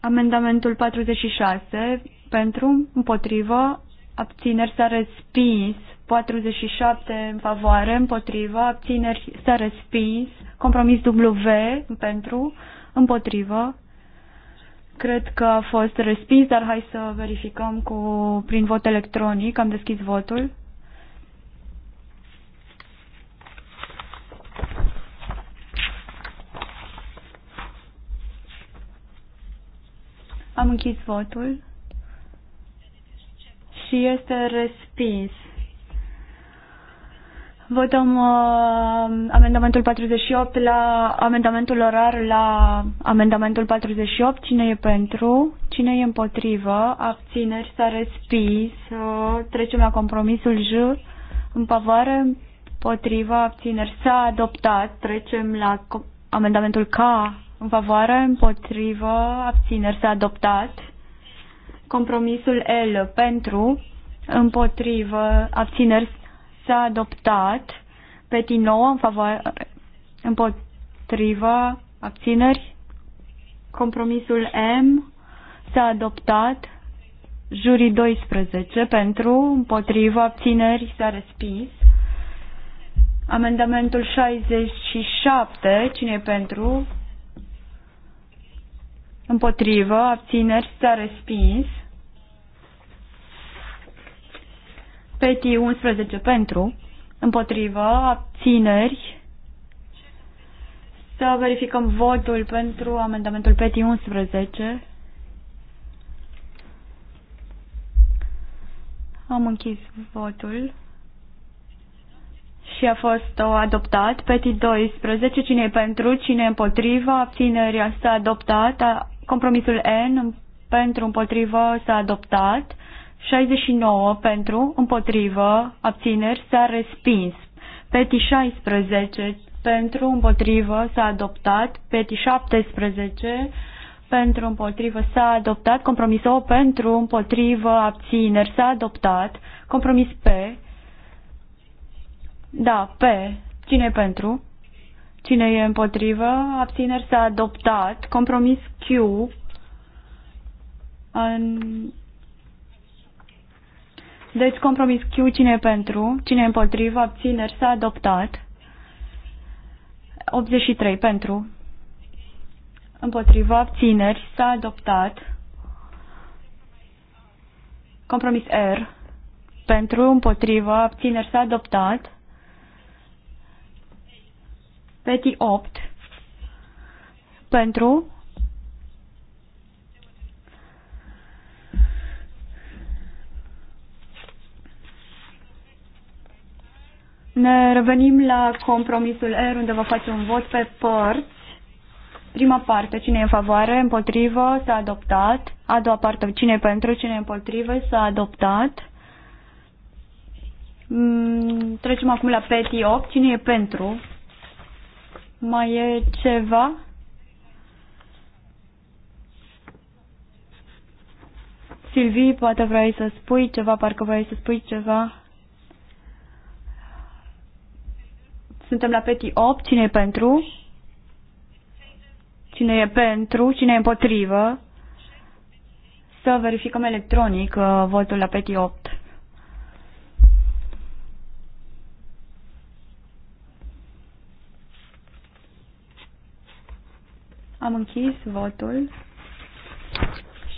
Amendamentul 46, pentru, împotrivă, abțineri, s-a respins. 47 în favoare, împotriva, abțineri s-a respins, compromis W pentru, împotrivă. Cred că a fost respins, dar hai să verificăm cu, prin vot electronic. Am deschis votul. Am închis votul și este respins. Votăm uh, amendamentul 48 la amendamentul orar la amendamentul 48. Cine e pentru? Cine e împotrivă? Abțineri s-a respins. Uh, trecem la compromisul J. În favoare, Împotrivă? abțineri s-a adoptat. Trecem la amendamentul K. În favoare, împotrivă, abțineri s-a adoptat. Compromisul L pentru, împotrivă, abțineri S-a adoptat peti 9 în favoare, împotriva abțineri. Compromisul M s-a adoptat jurii 12 pentru, împotriva abțineri s-a respins. Amendamentul 67, cine e pentru? Împotrivă, abțineri, s-a respins. Peti 11 pentru, împotrivă, abțineri. Să verificăm votul pentru amendamentul Peti 11. Am închis votul și a fost adoptat. Peti 12, cine e pentru, cine e împotriva, abținerea s-a adoptat, compromisul N pentru împotrivă s-a adoptat. 69 pentru, împotrivă, abțineri, s-a respins. Peti 16 pentru, împotrivă, s-a adoptat. Peti 17 pentru, împotrivă, s-a adoptat. Compromis O pentru, împotrivă, abțineri, s-a adoptat. Compromis P. Da, P. Cine e pentru? Cine e împotrivă? Abțineri s-a adoptat. Compromis Q. În deci compromis Q, cine e pentru, cine e împotrivă, abțineri, s-a adoptat. 83 pentru, împotrivă, abțineri, s-a adoptat. Compromis R, pentru, împotrivă, abțineri, s-a adoptat. Peti 8, pentru, Ne revenim la compromisul R, unde vă face un vot pe părți. Prima parte, cine e în favoare, împotrivă, s-a adoptat. A doua parte, cine e pentru, cine e împotrivă, s-a adoptat. Mm, trecem acum la peti 8. Cine e pentru? Mai e ceva? Silvii, poate vrei să spui ceva, parcă vrei să spui ceva. Suntem la peti 8. Cine e pentru? Cine e pentru? Cine e împotrivă? Să verificăm electronic uh, votul la peti 8. Am închis votul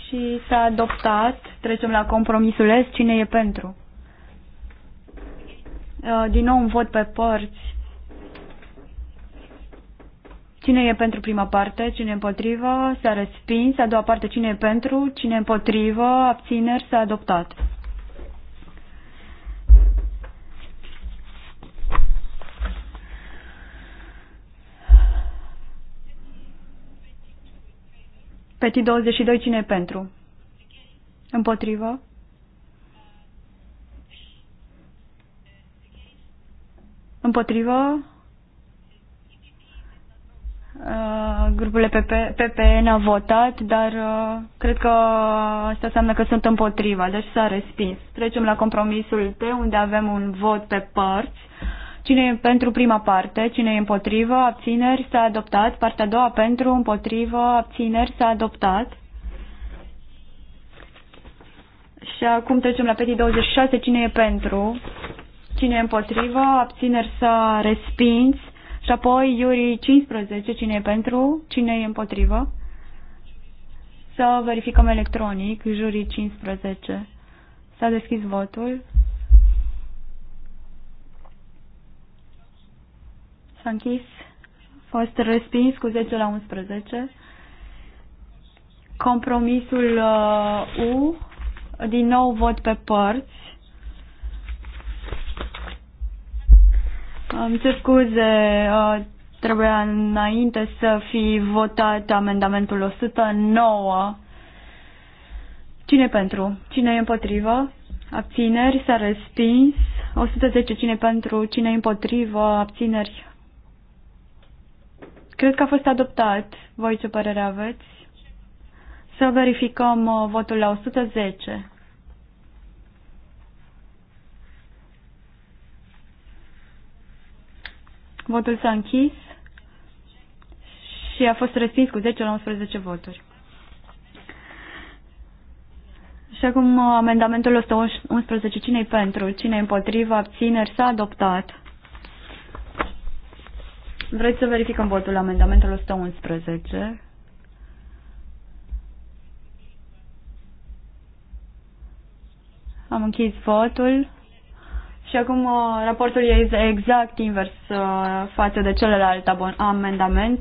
și s-a adoptat. Trecem la compromisul S. Cine e pentru? Uh, din nou un vot pe părți. Cine e pentru prima parte? Cine e împotrivă? S-a respins. A doua parte, cine e pentru? Cine e împotrivă? Abțineri? S-a adoptat. Petit 22, cine e pentru? Împotrivă? Împotrivă? Uh, grupurile PP, PPN a votat, dar uh, cred că asta înseamnă că sunt împotriva, deci s-a respins. Trecem la compromisul T, unde avem un vot pe părți. Cine e pentru prima parte, cine e împotrivă, abțineri, s-a adoptat. Partea a doua pentru, împotrivă, abțineri, s-a adoptat. Și acum trecem la petit 26, cine e pentru, cine e împotrivă, abțineri, s-a respins. Și apoi Iuri 15, cine e pentru, cine e împotrivă. Să verificăm electronic, Iuri 15. S-a deschis votul. S-a închis. A fost respins cu 10 la 11. Compromisul uh, U, din nou vot pe părți. Îmi cer scuze, trebuia înainte să fi votat amendamentul 109. Cine pentru? Cine e împotrivă? Abțineri? S-a respins. 110 cine pentru? Cine e împotrivă? Abțineri? Cred că a fost adoptat. Voi ce părere aveți? Să verificăm uh, votul la 110. Votul s-a închis și a fost respins cu 10 la 11 voturi. Și acum uh, amendamentul 111. Cine-i pentru? Cine-i împotriva? Abțineri? S-a adoptat. Vreți să verificăm votul amendamentul 111? Am închis votul și acum uh, raportul este exact invers uh, față de celălalt amendament,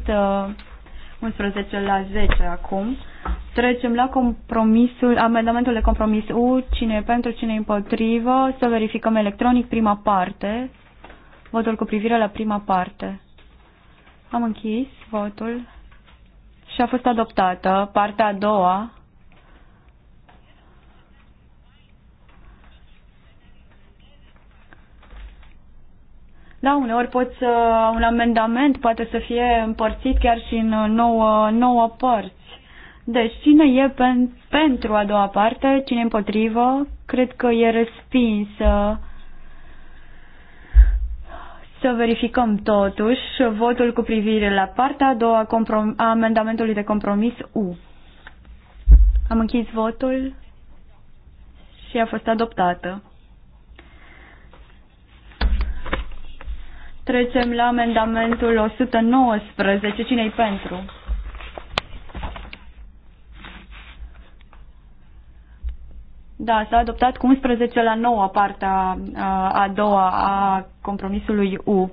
11 uh, la 10 acum. Trecem la compromisul, amendamentul de compromis U, cine e pentru, cine e împotrivă, să verificăm electronic prima parte, votul cu privire la prima parte. Am închis votul și a fost adoptată. Partea a doua Da, uneori pot să, un amendament poate să fie împărțit chiar și în nouă, nouă părți. Deci, cine e pen, pentru a doua parte, cine împotrivă, cred că e respins să verificăm totuși votul cu privire la partea a doua a amendamentului de compromis U. Am închis votul și a fost adoptată. Trecem la amendamentul 119. Cine-i pentru? Da, s-a adoptat cu 11 la 9 partea a, a doua a compromisului U.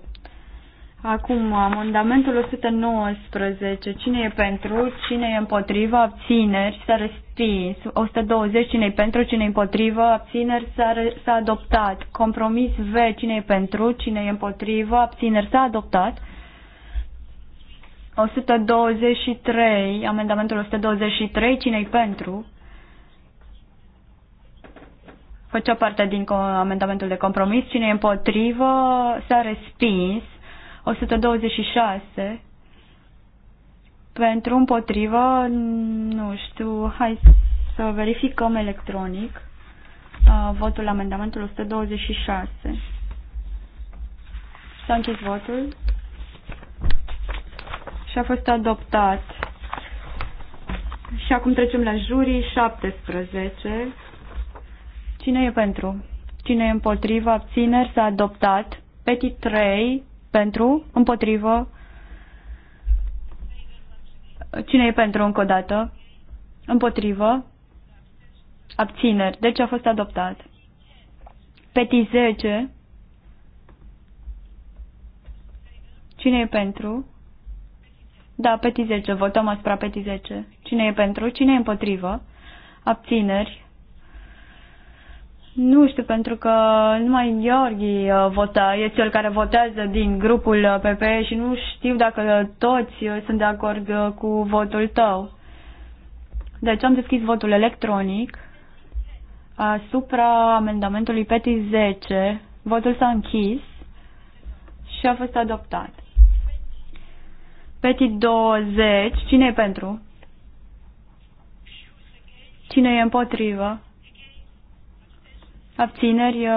Acum, amendamentul 119. Cine e pentru? Cine e împotrivă? Abțineri? S-a respins. 120. Cine e pentru? Cine e împotrivă? Abțineri? S-a, adoptat. Compromis V. Cine e pentru? Cine e împotrivă? Abțineri? S-a adoptat. 123. Amendamentul 123. Cine e pentru? Făcea parte din amendamentul de compromis. Cine e împotrivă? S-a respins. 126 pentru împotrivă, nu știu, hai să verificăm electronic uh, votul amendamentul 126. S-a închis votul și a fost adoptat. Și acum trecem la jurii 17. Cine e pentru? Cine e împotrivă? Abțineri s-a adoptat. Petit 3 pentru, împotrivă, cine e pentru încă o dată, împotrivă, abțineri, deci a fost adoptat. Peti 10, cine e pentru, da, peti 10, votăm asupra peti 10, cine e pentru, cine e împotrivă, abțineri, nu știu, pentru că numai Gheorghi uh, vota, e cel care votează din grupul uh, PPE și nu știu dacă toți uh, sunt de acord cu votul tău. Deci am deschis votul electronic asupra amendamentului PETI 10. Votul s-a închis și a fost adoptat. PETI 20. Cine e pentru? Cine e împotrivă? abțineri, uh,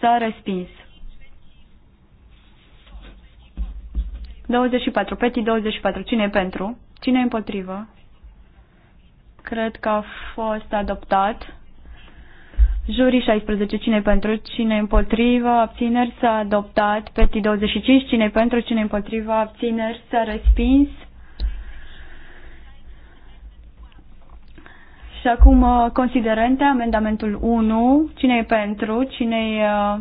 s-a respins. 24, peti 24, cine e pentru? Cine e împotrivă? Cred că a fost adoptat. Juri 16, cine pentru, cine împotrivă, abțineri s-a adoptat, peti 25, cine pentru, cine împotrivă, abțineri s-a respins, Și acum uh, considerente, amendamentul 1, cine e pentru, cine e uh,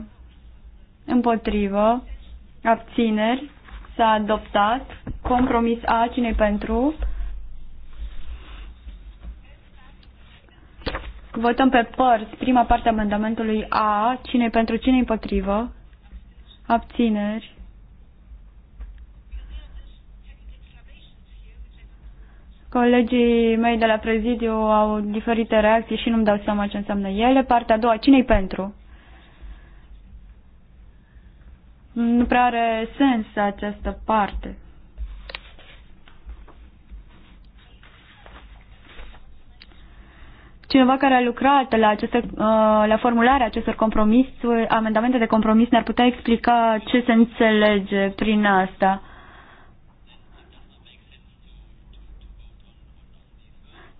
împotrivă, abțineri, s-a adoptat, compromis A, cine e pentru, Votăm pe părți prima parte a amendamentului A. Cine pentru, cine împotrivă? Abțineri. Colegii mei de la prezidiu au diferite reacții și nu-mi dau seama ce înseamnă ele. Partea a doua, cine-i pentru? Nu prea are sens această parte. cineva care a lucrat la, aceste, uh, la formularea acestor compromisuri, amendamente de compromis, ne-ar putea explica ce se înțelege prin asta.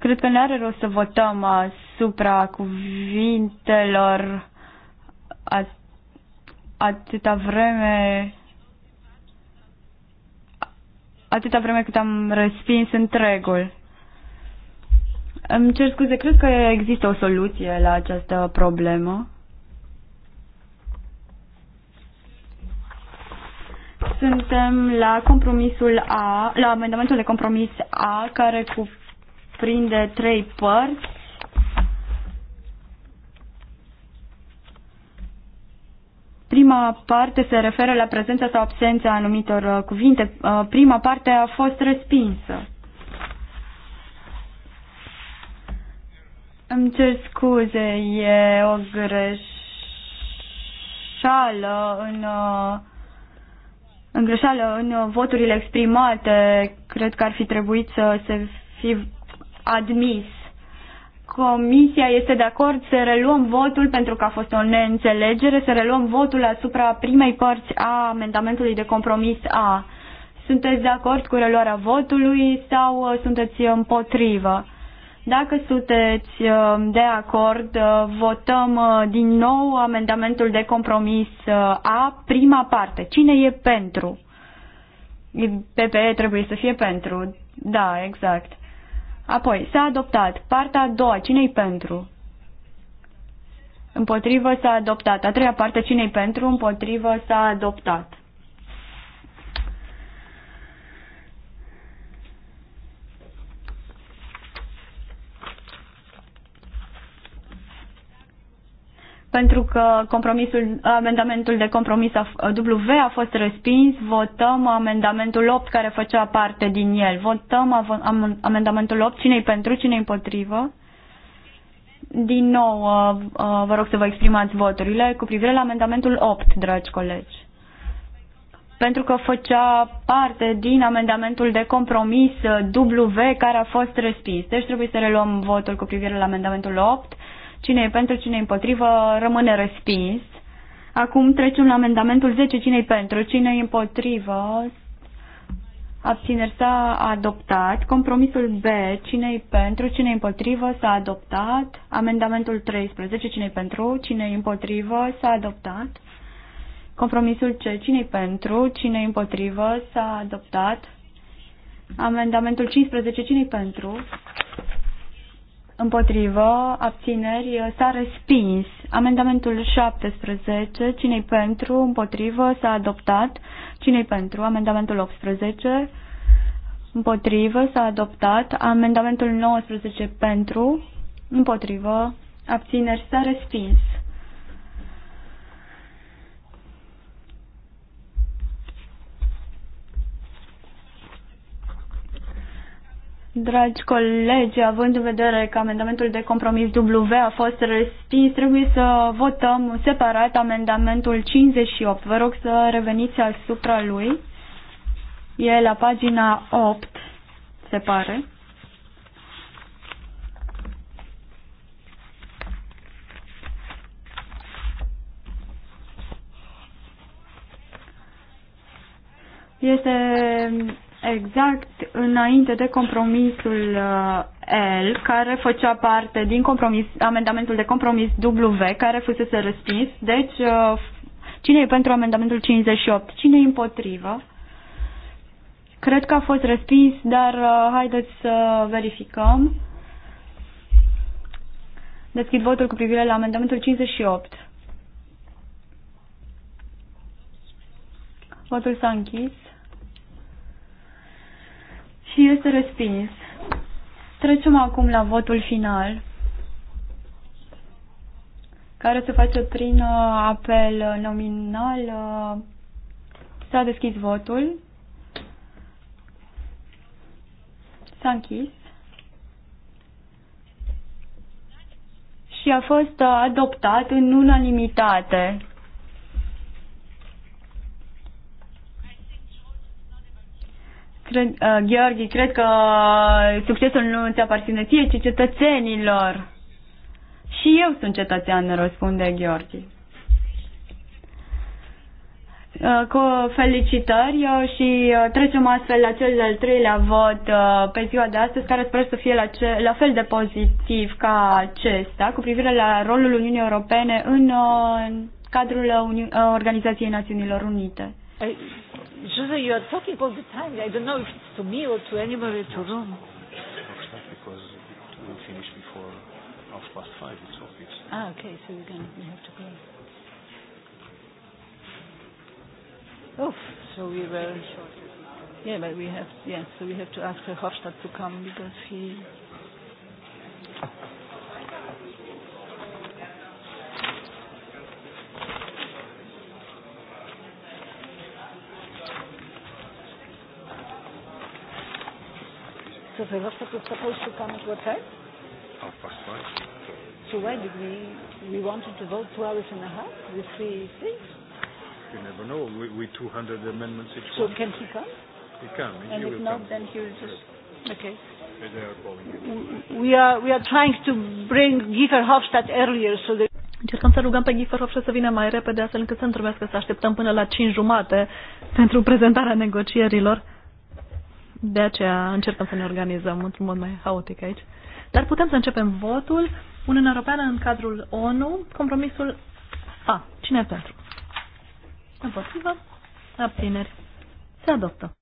Cred că nu are rost să votăm asupra cuvintelor atâta vreme atâta vreme cât am respins întregul. Îmi cer scuze, cred că există o soluție la această problemă. Suntem la compromisul A, la amendamentul de compromis A, care cu cuprinde trei părți. Prima parte se referă la prezența sau absența anumitor uh, cuvinte. Uh, prima parte a fost respinsă. Îmi cer scuze, e o greșeală în, uh, în greșeală în voturile exprimate. Cred că ar fi trebuit să se fi admis. Comisia este de acord să reluăm votul pentru că a fost o neînțelegere, să reluăm votul asupra primei părți a amendamentului de compromis A. Sunteți de acord cu reluarea votului sau uh, sunteți împotrivă? Dacă sunteți uh, de acord, uh, votăm din nou amendamentul de compromis A, prima parte. Cine e pentru? PPE trebuie să fie pentru. Da, exact. Apoi, s-a adoptat. Partea a doua, cine-i pentru? Împotrivă s-a adoptat. A treia parte, cine-i pentru? Împotrivă s-a adoptat. pentru că compromisul, amendamentul de compromis W a fost respins, votăm amendamentul 8 care făcea parte din el. Votăm amendamentul 8, cine-i pentru, cine-i împotrivă. Din nou, uh, uh, vă rog să vă exprimați voturile cu privire la amendamentul 8, dragi colegi. Pentru că făcea parte din amendamentul de compromis uh, W care a fost respins. Deci trebuie să reluăm votul cu privire la amendamentul 8. Cine e pentru, cine e împotrivă, rămâne respins. Acum trecem la amendamentul 10. Cine e pentru, cine e împotrivă, abțineri s-a adoptat. Compromisul B. Cine e pentru, cine e împotrivă, s-a adoptat. Amendamentul 13. Cine e pentru, cine e împotrivă, s-a adoptat. Compromisul C. Cine e pentru, cine e împotrivă, s-a adoptat. Amendamentul 15. Cine e pentru? împotrivă, abțineri, s-a respins. Amendamentul 17, cine pentru, împotrivă, s-a adoptat. cine pentru? Amendamentul 18, împotrivă, s-a adoptat. Amendamentul 19, pentru, împotrivă, abțineri, s-a respins. Dragi colegi, având în vedere că amendamentul de compromis W a fost respins, trebuie să votăm separat amendamentul 58. Vă rog să reveniți asupra lui. E la pagina 8, se pare. Este exact înainte de compromisul uh, L, care făcea parte din compromis, amendamentul de compromis W, care fusese respins. Deci, uh, cine e pentru amendamentul 58? Cine e împotrivă? Cred că a fost respins, dar uh, haideți să verificăm. Deschid votul cu privire la amendamentul 58. Votul s-a închis și este respins. Trecem acum la votul final, care se face prin uh, apel nominal. Uh, S-a deschis votul. S-a închis. Și a fost uh, adoptat în unanimitate. Cred, uh, Gheorghe, cred că uh, succesul nu îți aparține ție, ci cetățenilor. Și eu sunt cetățean, răspunde Gheorghe. Uh, cu felicitări uh, și trecem astfel la cel de-al treilea vot pe ziua de astăzi, care sper să fie la, ce, la fel de pozitiv ca acesta, cu privire la rolul Uniunii Europene în cadrul Uni- Organizației Națiunilor Unite. Jose, you are talking all the time. I don't know if it's to me or to anybody in the room. Because we will finish before half past five, it's obvious. Ah, okay, so you're going to have to go. Oh, so we were. Yeah, but we have. Yeah, so we have to ask Hofstadt to come because he the Rostov was supposed to come at what time? Half past five. So why did we, we wanted to vote two hours and a half with three things? You never know, with, with 200 amendments each So one. can he come? He can. He and if not, come. then he will just... Okay. We are, we are trying to bring Giefer Hofstadt earlier so that Încercăm să rugăm pe Giefer Hofstadt să vină mai repede, astfel încât să nu să așteptăm până la 5 jumate pentru prezentarea negocierilor. De aceea încercăm să ne organizăm într-un mod mai haotic aici. Dar putem să începem votul. Uniunea Europeană în cadrul ONU, compromisul A. Cine e pentru? Împotrivă. Abțineri. Se adoptă.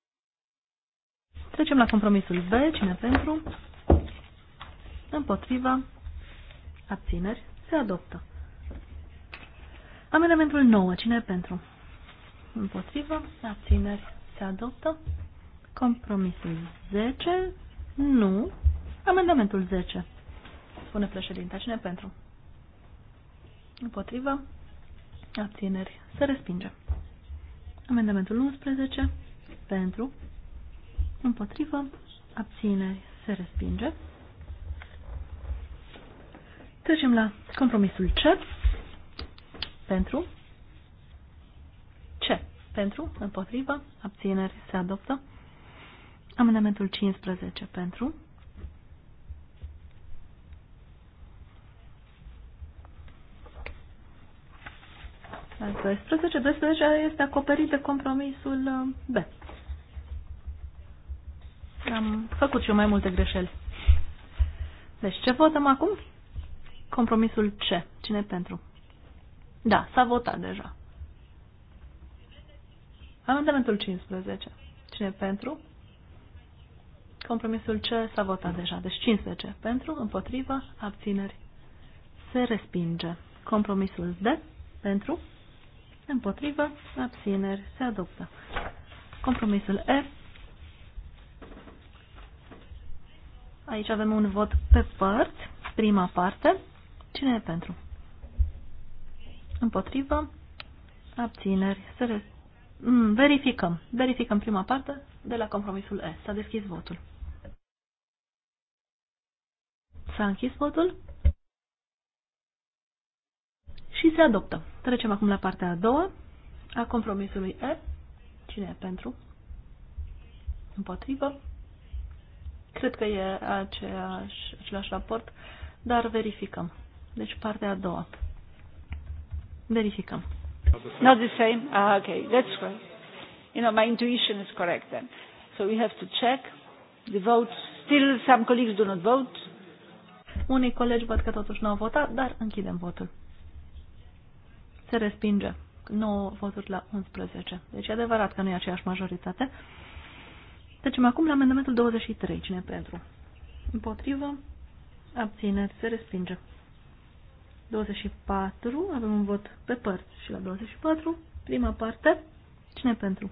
Trecem la compromisul B. Cine pentru? Împotriva. Abțineri. Se adoptă. Amendamentul 9. Cine pentru? Împotrivă. Abțineri. Se adoptă. Compromisul 10? Nu. Amendamentul 10. Spune președinta. Cine pentru? Împotrivă. Abțineri. Se respinge. Amendamentul 11. Pentru. Împotrivă. Abțineri. Se respinge. Trecem la compromisul C. Pentru. C. Pentru. Împotrivă. Abțineri. Se adoptă. Amendamentul 15 pentru. La 12. 12 este acoperit de compromisul uh, B. Am făcut și eu mai multe greșeli. Deci ce votăm acum? Compromisul C. Cine pentru? Da, s-a votat deja. Amendamentul 15. Cine pentru? Compromisul C s-a votat deja, deci 15 pentru, împotrivă, abțineri. Se respinge. Compromisul D pentru, împotrivă, abțineri. Se adoptă. Compromisul E. Aici avem un vot pe părți, prima parte. Cine e pentru? Împotrivă, abțineri. Se re... Mm, verificăm. Verificăm prima parte de la compromisul E. S-a deschis votul. S-a închis votul și se adoptă. Trecem acum la partea a doua a compromisului E. Cine e pentru? Împotrivă. Cred că e aceeași, același raport, dar verificăm. Deci partea a doua. Verificăm. Not the same? Ah, okay. That's right you know, my intuition is correct then. So we have to check the votes. Still some colleagues do not vote. Unii colegi văd că totuși nu au votat, dar închidem votul. Se respinge. 9 voturi la 11. Deci e adevărat că nu e aceeași majoritate. Trecem acum la amendamentul 23. Cine pentru? Împotrivă. Abțineri. Se respinge. 24. Avem un vot pe părți și la 24. Prima parte. Cine pentru?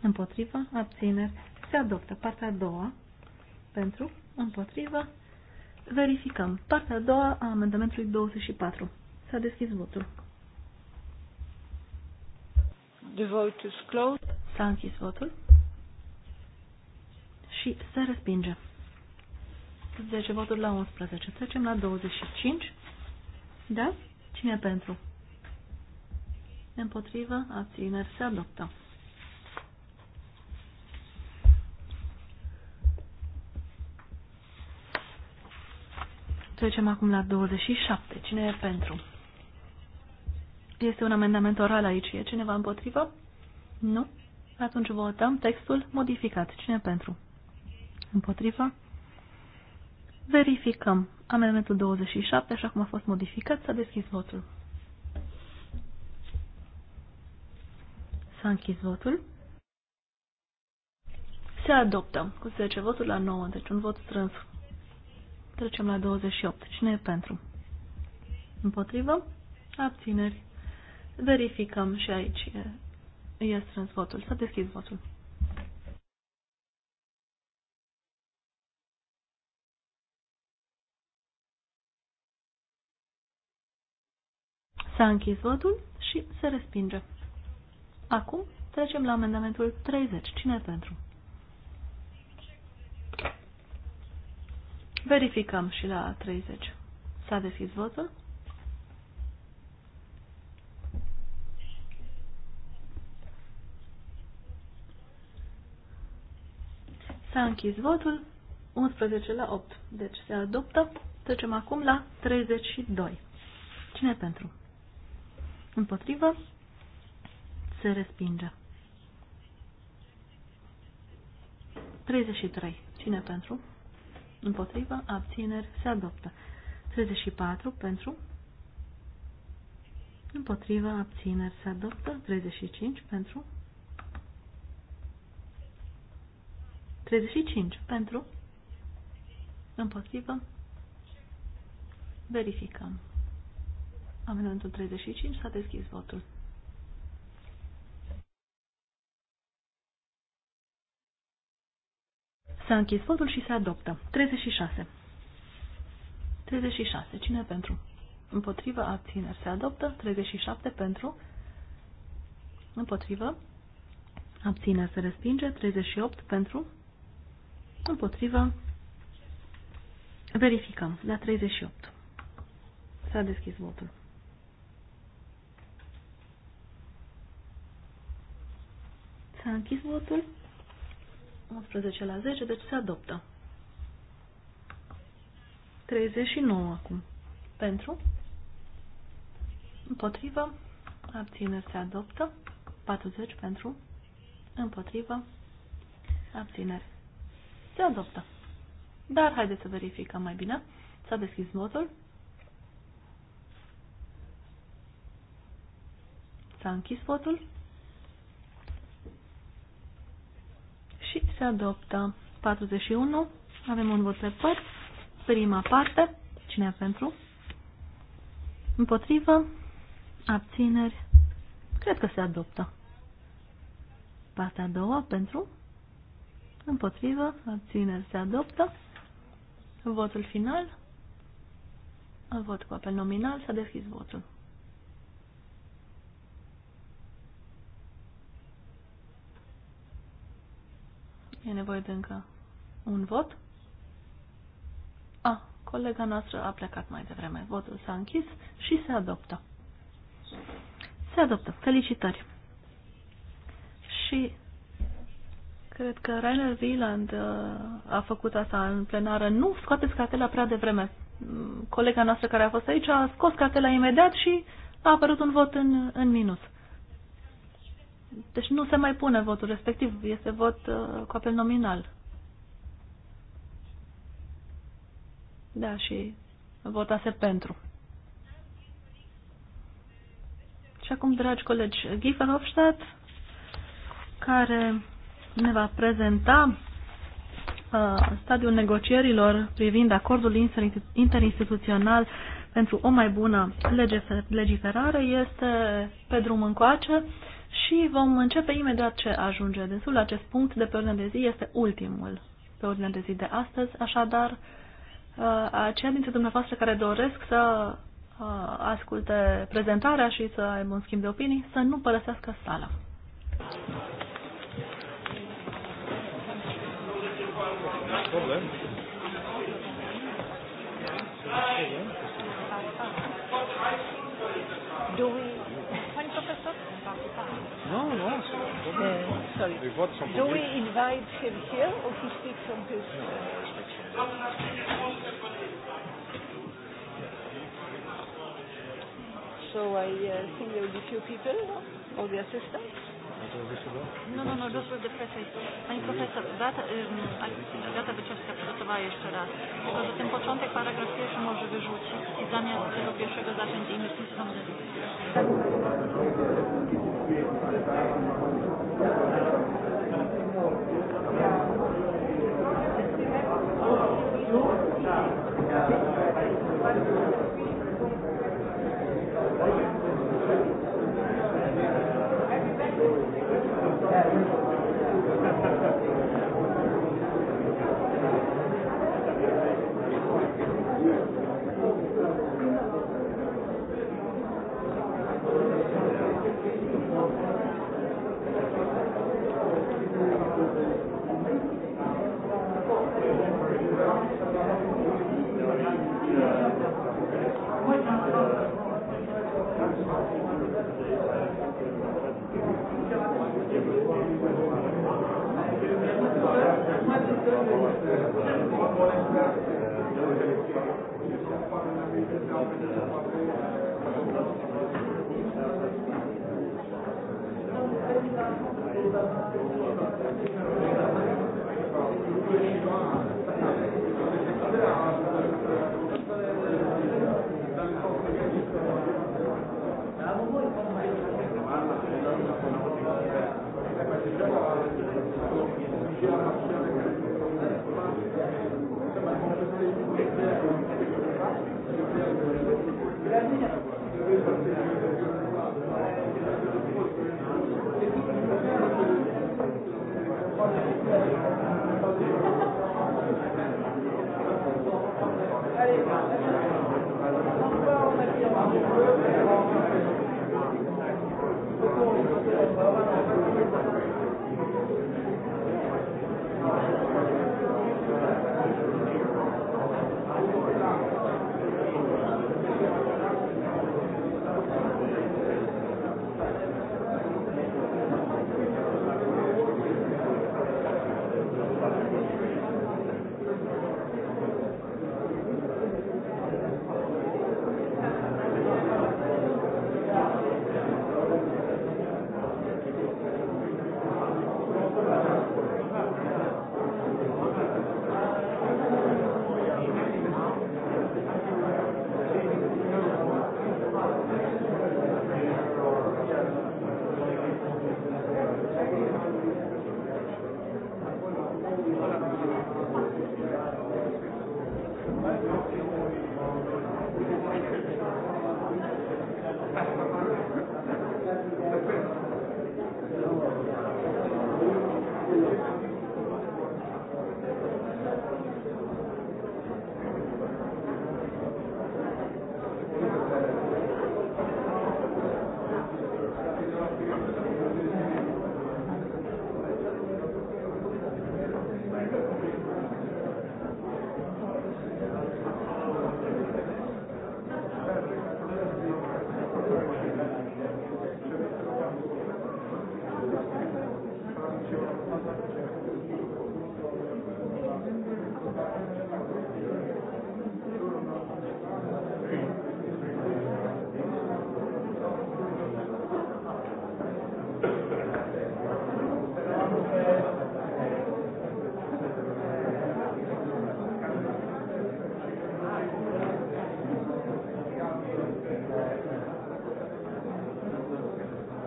împotrivă, abțineri, se adoptă. Partea a doua, pentru, împotrivă, verificăm. Partea a doua a amendamentului 24. S-a deschis votul. The vote is closed. S-a închis votul și se respinge. 10 deci, voturi la 11. Trecem la 25. Da? Cine pentru? Împotrivă, abțineri, se adoptă. Trecem acum la 27. Cine e pentru? Este un amendament oral aici. E cineva împotrivă? Nu? Atunci votăm textul modificat. Cine e pentru? Împotrivă? Verificăm. Amendamentul 27, așa cum a fost modificat, s-a deschis votul. S-a închis votul. Se adoptă cu 10 voturi la 9, deci un vot strâns. Trecem la 28. Cine e pentru? Împotrivă? Abțineri. Verificăm și aici. E, strâns votul. Să deschid votul. S-a închis votul și se respinge. Acum trecem la amendamentul 30. Cine e pentru? Verificăm și la 30. S-a deschis votul. S-a închis votul. 11 la 8. Deci se adoptă. Trecem acum la 32. Cine pentru? Împotrivă. Se respinge. 33. Cine pentru? Împotriva abțineri, se adoptă. 34 pentru, Împotriva abțineri, se adoptă. 35 pentru, 35 pentru, Împotriva. verificăm. Amendamentul 35 s-a deschis votul. S-a închis votul și se adoptă. 36. 36. Cine pentru? Împotrivă, abțineri. Se adoptă. 37 pentru. Împotrivă. Abțineri se respinge. 38 pentru. Împotrivă. Verificăm. La 38. S-a deschis votul. S-a închis votul 11 la 10, deci se adoptă. 39 acum. Pentru? Împotrivă? Abțineri se adoptă. 40 pentru? Împotrivă? Abțineri. Se adoptă. Dar haideți să verificăm mai bine. S-a deschis votul. S-a închis votul. și se adoptă. 41. Avem un vot pe părți. Prima parte. Cine a pentru? Împotrivă. Abțineri. Cred că se adoptă. Partea a doua pentru. Împotrivă. Abțineri. Se adoptă. Votul final. Vot cu apel nominal. S-a deschis votul. E nevoie de încă un vot? A, colega noastră a plecat mai devreme. Votul s-a închis și se adoptă. Se adoptă. Felicitări! Și cred că Rainer Wieland uh, a făcut asta în plenară. Nu scoateți cartela prea devreme. Mm, colega noastră care a fost aici a scos cartela imediat și a apărut un vot în, în minus. Deci nu se mai pune votul respectiv, este vot uh, cu apel nominal. Da, și votase pentru. Și acum, dragi colegi, Guy Hofstadt, care ne va prezenta uh, stadiul negocierilor privind acordul interinstituțional pentru o mai bună legiferare, este pe drum încoace și vom începe imediat ce ajunge sus. Acest punct de pe ordine de zi este ultimul pe ordine de zi de astăzi, așadar uh, aceia dintre dumneavoastră care doresc să uh, asculte prezentarea și să aibă un schimb de opinii, să nu părăsească sala. Problem. Problem. No, no. Uh, sorry. Les votes sont Do we invite him here or he speaks from his... No, uh, he speaks on So I uh, think there will be few people, no? All the assistants? No, no, no, those were the press Pani profesor, data, um, data wycieczka przygotowała jeszcze raz. Tylko, że ten początek paragraf pierwszy może wyrzucić i zamiast tego pierwszego zacząć i inwestycją. Thank you. Thank you.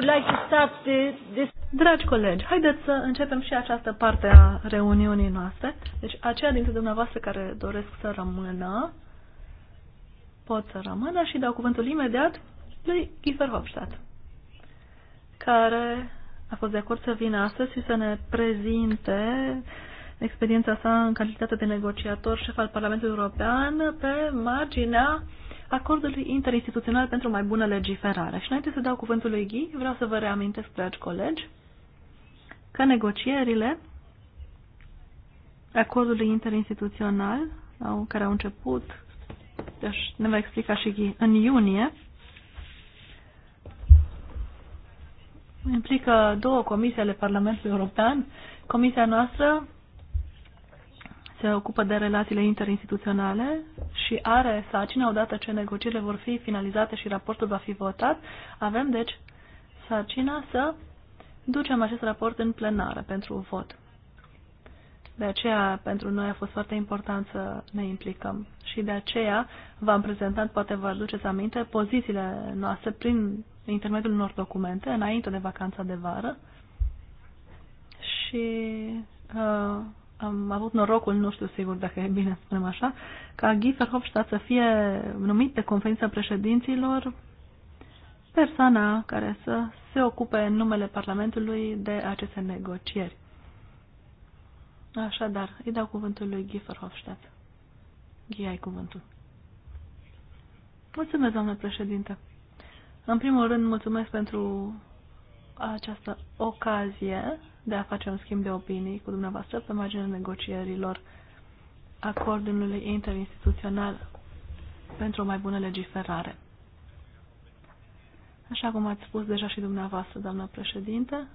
would like to start the, this... Dragi colegi, haideți să începem și această parte a reuniunii noastre. Deci aceia dintre dumneavoastră care doresc să rămână, pot să rămână și dau cuvântul imediat lui Giefer Hofstadt, care a fost de acord să vină astăzi și să ne prezinte experiența sa în calitate de negociator șef al Parlamentului European pe marginea uh, acordului interinstituțional pentru mai bună legiferare. Și înainte să dau cuvântul lui Ghi, vreau să vă reamintesc, dragi colegi, că negocierile acordului interinstituțional au, care au început, deci ne va explica și Ghi, în iunie, implică două comisii ale Parlamentului European, comisia noastră se ocupă de relațiile interinstituționale și are sarcina, odată ce negocierile vor fi finalizate și raportul va fi votat, avem deci sarcina să ducem acest raport în plenară pentru vot. De aceea, pentru noi a fost foarte important să ne implicăm și de aceea v-am prezentat, poate vă aduceți aminte, pozițiile noastre prin intermediul unor documente, înainte de vacanța de vară și uh, am avut norocul, nu știu sigur dacă e bine să spunem așa, ca Guy Hofstadt să fie numit de conferința președinților persoana care să se ocupe în numele Parlamentului de aceste negocieri. Așadar, îi dau cuvântul lui Guy Hofstadt. Guy, ai cuvântul. Mulțumesc, doamnă președinte. În primul rând, mulțumesc pentru această ocazie de a face un schimb de opinii cu dumneavoastră pe marginea negocierilor acordului interinstituțional pentru o mai bună legiferare. Așa cum ați spus deja și dumneavoastră, doamnă președinte,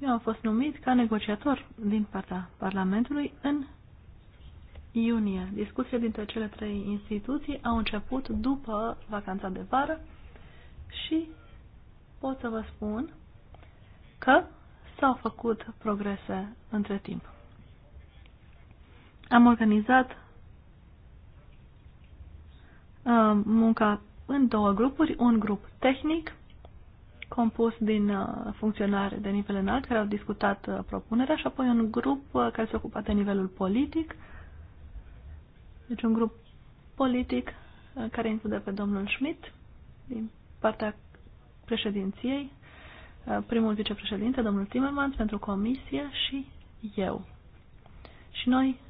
eu am fost numit ca negociator din partea Parlamentului în iunie. Discuțiile dintre cele trei instituții au început după vacanța de vară și pot să vă spun că s-au făcut progrese între timp. Am organizat uh, munca în două grupuri, un grup tehnic compus din uh, funcționari de nivel înalt care au discutat uh, propunerea și apoi un grup care se ocupa de nivelul politic, deci un grup politic care include pe domnul Schmidt din partea președinției Uh, primul vicepreședinte, domnul Timmermans, pentru comisie și eu. Și noi,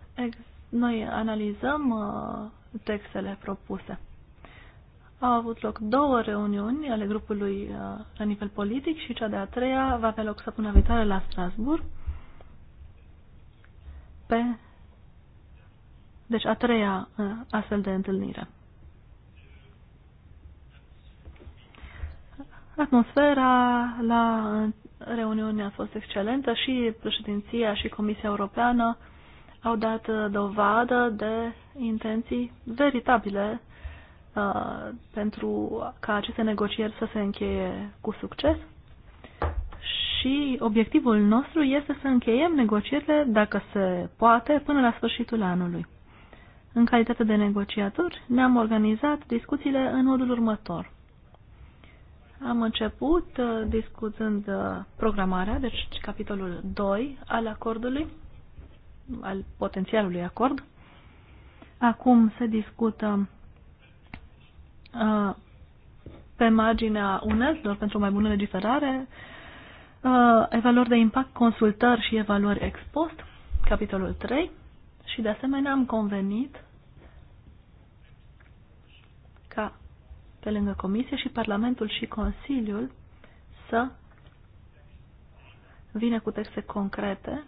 noi analizăm uh, textele propuse. Au avut loc două reuniuni ale grupului uh, la nivel politic și cea de-a treia va avea loc săptămâna viitoare la Strasburg. Pe, deci a treia astfel de întâlnire. Atmosfera la reuniune a fost excelentă și președinția și Comisia Europeană au dat uh, dovadă de intenții veritabile uh, pentru ca aceste negocieri să se încheie cu succes. Și obiectivul nostru este să încheiem negocierile, dacă se poate, până la sfârșitul anului. În calitate de negociatori, ne-am organizat discuțiile în modul următor. Am început uh, discutând uh, programarea, deci capitolul 2 al acordului, al potențialului acord. Acum se discută uh, pe marginea uneltelor pentru mai bună legiferare, evaluări de impact, consultări și evaluări ex post, capitolul 3, și de asemenea am convenit ca pe lângă Comisie și Parlamentul și Consiliul să vină cu texte concrete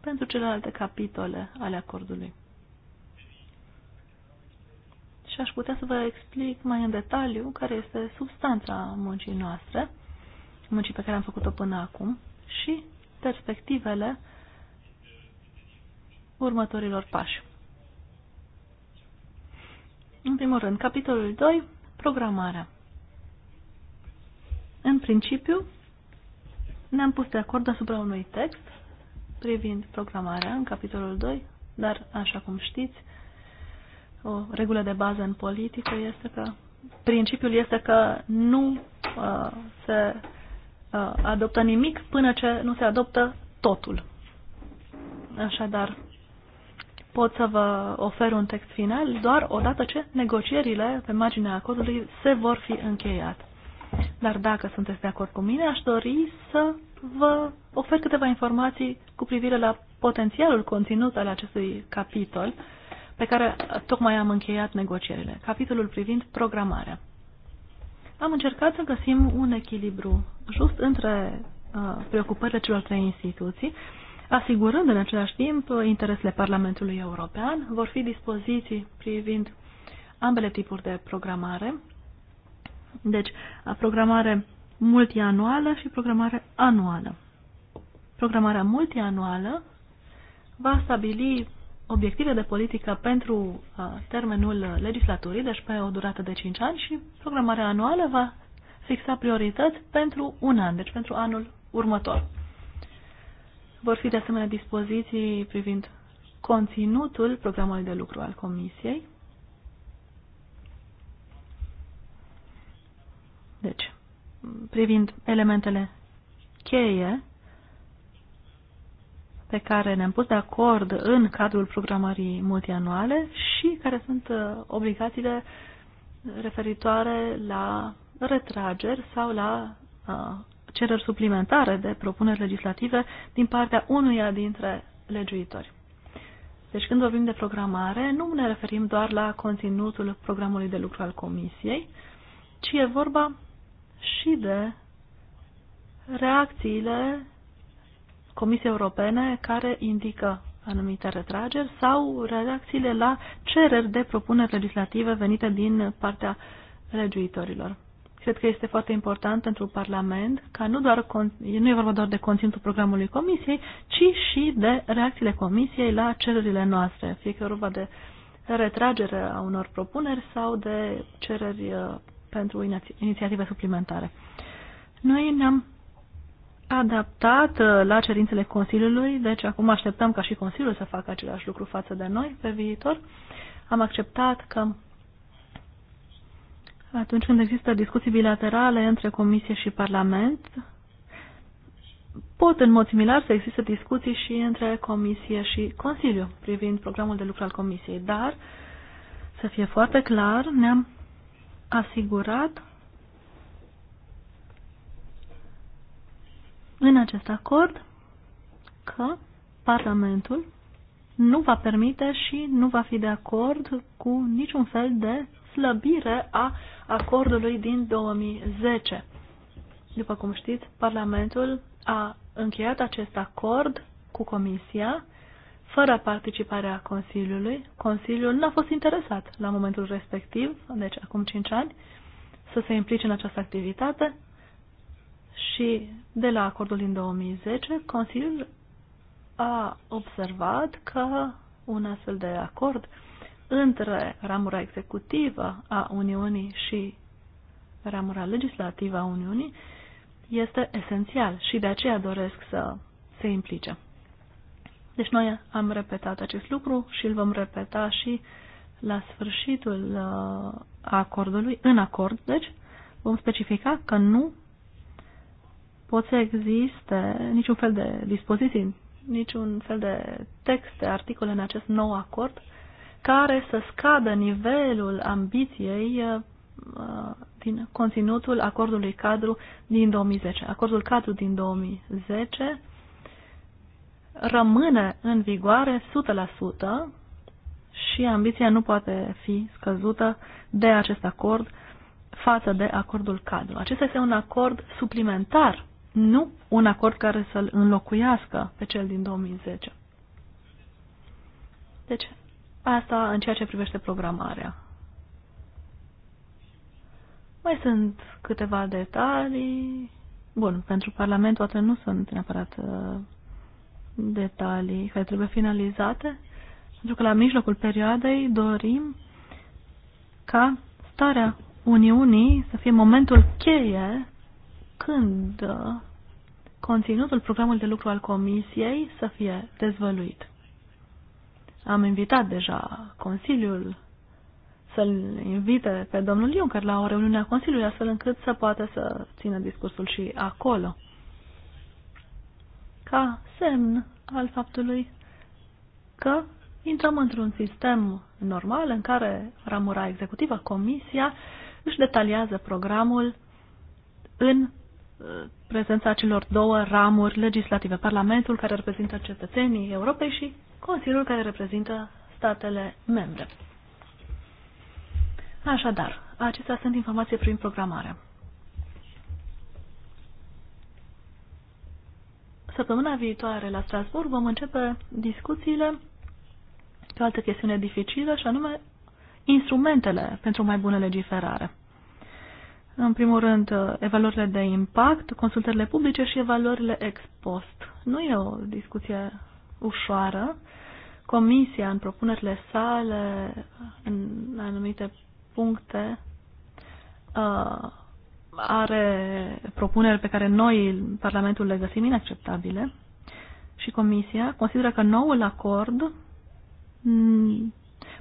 pentru celelalte capitole ale acordului. Și aș putea să vă explic mai în detaliu care este substanța muncii noastre, muncii pe care am făcut-o până acum și perspectivele următorilor pași. În primul rând, capitolul 2 programarea. În principiu, ne-am pus de acord asupra unui text privind programarea în capitolul 2, dar, așa cum știți, o regulă de bază în politică este că principiul este că nu uh, se uh, adoptă nimic până ce nu se adoptă totul. Așadar, pot să vă ofer un text final doar odată ce negocierile pe marginea acordului se vor fi încheiat. Dar dacă sunteți de acord cu mine, aș dori să vă ofer câteva informații cu privire la potențialul conținut al acestui capitol pe care tocmai am încheiat negocierile, capitolul privind programarea. Am încercat să găsim un echilibru just între uh, preocupările celor trei instituții, uh, asigurând în același timp interesele Parlamentului European. Vor fi dispoziții privind ambele tipuri de programare, deci programare multianuală și programare anuală. Programarea multianuală va stabili obiective de politică pentru termenul legislaturii, deci pe o durată de 5 ani și programarea anuală va fixa priorități pentru un an, deci pentru anul următor. Vor fi de asemenea dispoziții privind conținutul programului de lucru al Comisiei. Deci, privind elementele cheie pe care ne-am pus de acord în cadrul programării multianuale și care sunt uh, obligațiile referitoare la retrageri sau la uh, cereri suplimentare de propuneri legislative din partea unuia dintre legiuitori. Deci când vorbim de programare, nu ne referim doar la conținutul programului de lucru al Comisiei, ci e vorba și de reacțiile Comisiei Europene care indică anumite retrageri sau reacțiile la cereri de propuneri legislative venite din partea legiuitorilor. Cred că este foarte important pentru Parlament ca nu, doar, nu e vorba doar de conținutul programului Comisiei, ci și de reacțiile Comisiei la cererile noastre, fie că e vorba de retragere a unor propuneri sau de cereri uh, pentru inițiative suplimentare. Noi ne-am adaptat uh, la cerințele Consiliului, deci acum așteptăm ca și Consiliul să facă același lucru față de noi pe viitor. Am acceptat că atunci când există discuții bilaterale între Comisie și Parlament, pot în mod similar să existe discuții și între Comisie și Consiliu privind programul de lucru al Comisiei, dar, să fie foarte clar, ne-am asigurat în acest acord că Parlamentul nu va permite și nu va fi de acord cu niciun fel de slăbire a acordului din 2010. După cum știți, Parlamentul a încheiat acest acord cu Comisia fără participarea Consiliului. Consiliul n-a fost interesat la momentul respectiv, deci acum 5 ani, să se implice în această activitate și de la acordul din 2010, Consiliul a observat că un astfel de acord uh, între ramura executivă a Uniunii și ramura legislativă a Uniunii este esențial și de aceea doresc să se implice. Deci noi am repetat acest lucru și îl vom repeta și la sfârșitul uh, acordului, în acord, deci vom specifica că nu pot să existe niciun fel de dispoziții, niciun fel de texte, articole în acest nou acord care să scadă nivelul ambiției uh, uh, din conținutul acordului cadru din 2010. Acordul cadru din 2010 rămâne în vigoare 100% și ambiția nu poate fi scăzută de acest acord față de acordul cadru. Acesta este un acord suplimentar, nu un acord care să-l înlocuiască pe cel din 2010. Deci, Asta în ceea ce privește programarea. Mai sunt câteva detalii. Bun, pentru Parlament toate nu sunt neapărat uh, detalii care trebuie finalizate, pentru că la mijlocul perioadei dorim ca starea Uniunii să fie momentul cheie când uh, conținutul programului de lucru al Comisiei să fie dezvăluit. Am invitat deja Consiliul să-l invite pe domnul Juncker la o reuniune a Consiliului, astfel încât să poată să țină discursul și acolo. Ca semn al faptului că intrăm într-un sistem normal în care ramura executivă, comisia, își detaliază programul în uh, prezența celor două ramuri legislative, Parlamentul care reprezintă cetățenii Europei și Consiliul care reprezintă statele membre. Așadar, acestea sunt informații prin programare. Săptămâna viitoare la Strasburg vom începe discuțiile pe o altă chestiune dificilă și anume instrumentele pentru mai bună legiferare. În primul rând, evaluările de impact, consultările publice și evaluările ex post. Nu e o discuție ușoară. Comisia, în propunerile sale, în anumite puncte, uh, are propuneri pe care noi, Parlamentul, le găsim inacceptabile și Comisia consideră că noul acord, mm,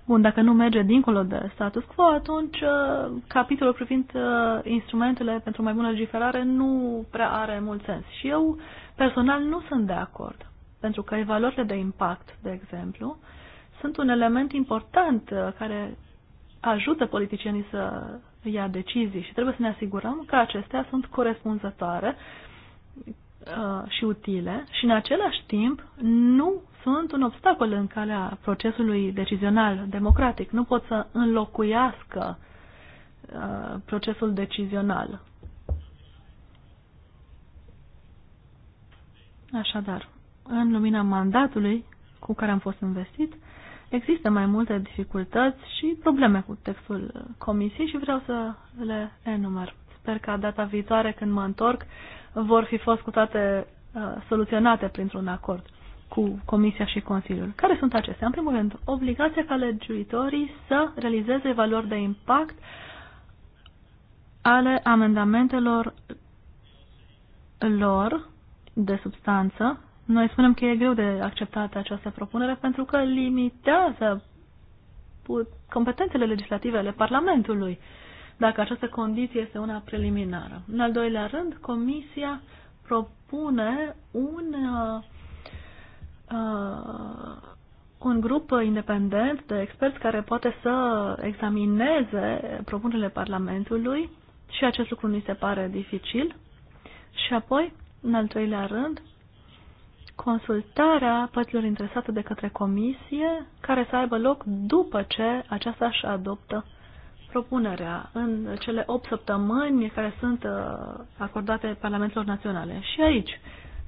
bun, dacă nu merge dincolo de status quo, atunci uh, capitolul privind uh, instrumentele pentru mai bună legiferare nu prea are mult sens. Și eu, personal, nu sunt de acord. Pentru că evaluările de impact, de exemplu, sunt un element important uh, care ajută politicienii să ia decizii și trebuie să ne asigurăm că acestea sunt corespunzătoare uh, și utile și în același timp nu sunt un obstacol în calea procesului decizional democratic. Nu pot să înlocuiască uh, procesul decizional. Așadar, în lumina mandatului cu care am fost investit, există mai multe dificultăți și probleme cu textul comisiei și vreau să le enumăr. Sper că data viitoare, când mă întorc, vor fi fost cu toate uh, soluționate printr-un acord cu Comisia și Consiliul. Care sunt acestea? În primul rând, obligația ca legiuitorii să realizeze valori de impact ale amendamentelor lor de substanță noi spunem că e greu de acceptat această propunere pentru că limitează competențele legislative ale Parlamentului, dacă această condiție este una preliminară. În al doilea rând, Comisia propune un, uh, uh, un grup independent de experți care poate să examineze propunerile Parlamentului și acest lucru nu se pare dificil. Și apoi, în al treilea rând, consultarea părților interesate de către comisie, care să aibă loc după ce aceasta își adoptă propunerea în cele 8 săptămâni care sunt uh, acordate Parlamentelor Naționale. Și aici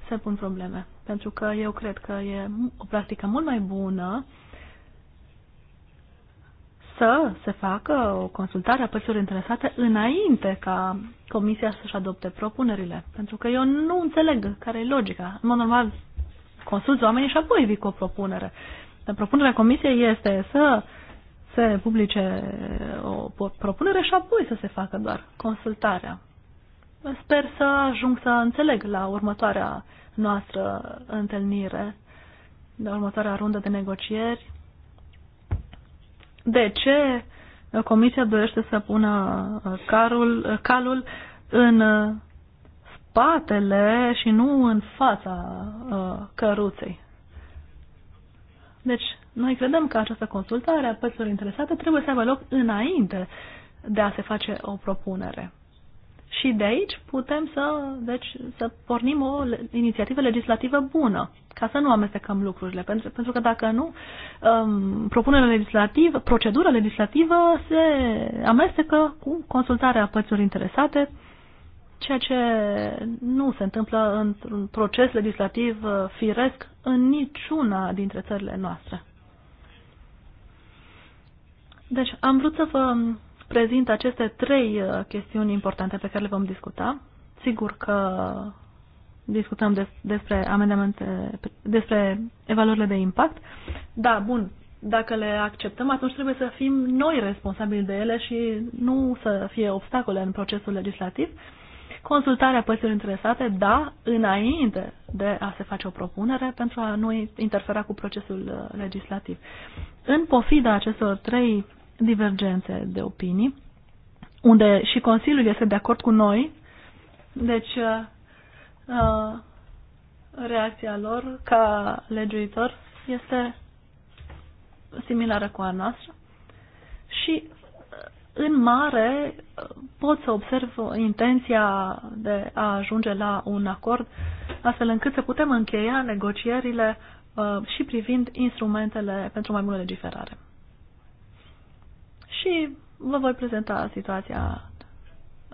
se pun probleme, pentru că eu cred că e o practică mult mai bună să se facă o consultare a părților interesate înainte ca Comisia să-și adopte propunerile. Pentru că eu nu înțeleg care e logica. În mod normal, consulți oamenii și apoi vii cu o propunere. Dar propunerea comisiei este să se publice o propunere și apoi să se facă doar consultarea. Sper să ajung să înțeleg la următoarea noastră întâlnire, la următoarea rundă de negocieri, de ce Comisia dorește să pună carul, calul în spatele și nu în fața uh, căruței. Deci, noi credem că această consultare a părților interesate trebuie să aibă loc înainte de a se face o propunere. Și de aici putem să, deci, să pornim o inițiativă legislativă bună, ca să nu amestecăm lucrurile. Pentru, pentru că dacă nu, um, propunerea legislativă, procedura legislativă se amestecă cu consultarea părților interesate ceea ce nu se întâmplă într-un proces legislativ uh, firesc în niciuna dintre țările noastre. Deci am vrut să vă prezint aceste trei uh, chestiuni importante pe care le vom discuta. Sigur că discutăm des, despre amendamente, despre evaluările de impact. Da, bun, dacă le acceptăm, atunci trebuie să fim noi responsabili de ele și nu să fie obstacole în procesul legislativ consultarea părților interesate, da, înainte de a se face o propunere pentru a nu interfera cu procesul uh, legislativ. În pofida acestor trei divergențe de opinii, unde și Consiliul este de acord cu noi, deci uh, uh reacția lor ca legiuitor este similară cu a noastră și în mare pot să observ intenția de a ajunge la un acord, astfel încât să putem încheia negocierile uh, și privind instrumentele pentru mai multă legiferare. Și vă voi prezenta situația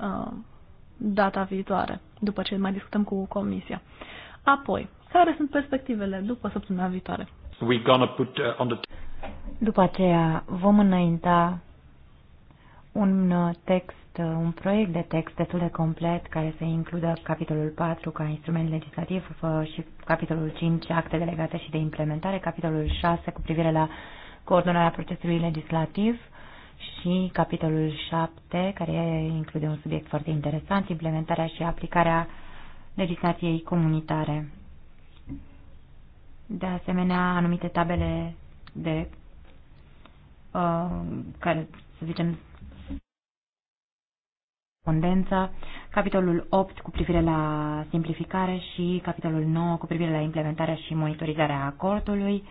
uh, data viitoare, după ce mai discutăm cu Comisia. Apoi, care sunt perspectivele după săptămâna viitoare? Uh, după aceea vom înainta un uh, text, uh, un proiect de text destul de complet care să includă capitolul 4 ca instrument legislativ și capitolul 5 acte delegate și de implementare, capitolul 6 cu privire la coordonarea procesului legislativ și capitolul 7 care include un subiect foarte interesant, implementarea și aplicarea legislației comunitare. De asemenea, anumite tabele de uh, care, să zicem, corespondența, capitolul 8 cu privire la simplificare și capitolul 9 cu privire la implementarea și monitorizarea acordului.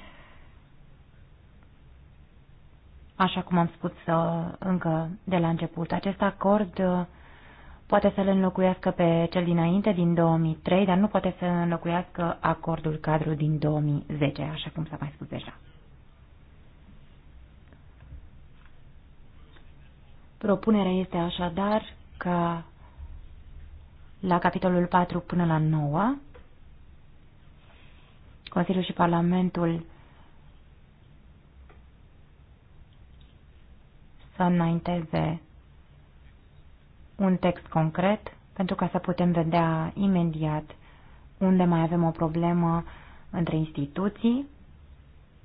Așa cum am spus uh, încă de la început, acest acord uh, poate să-l înlocuiască pe cel dinainte, din 2003, dar nu poate să înlocuiască acordul cadru din 2010, așa cum s-a mai spus deja. Propunerea este așadar ca la capitolul 4 până la 9, Consiliul și Parlamentul să înainteze un text concret pentru ca să putem vedea imediat unde mai avem o problemă între instituții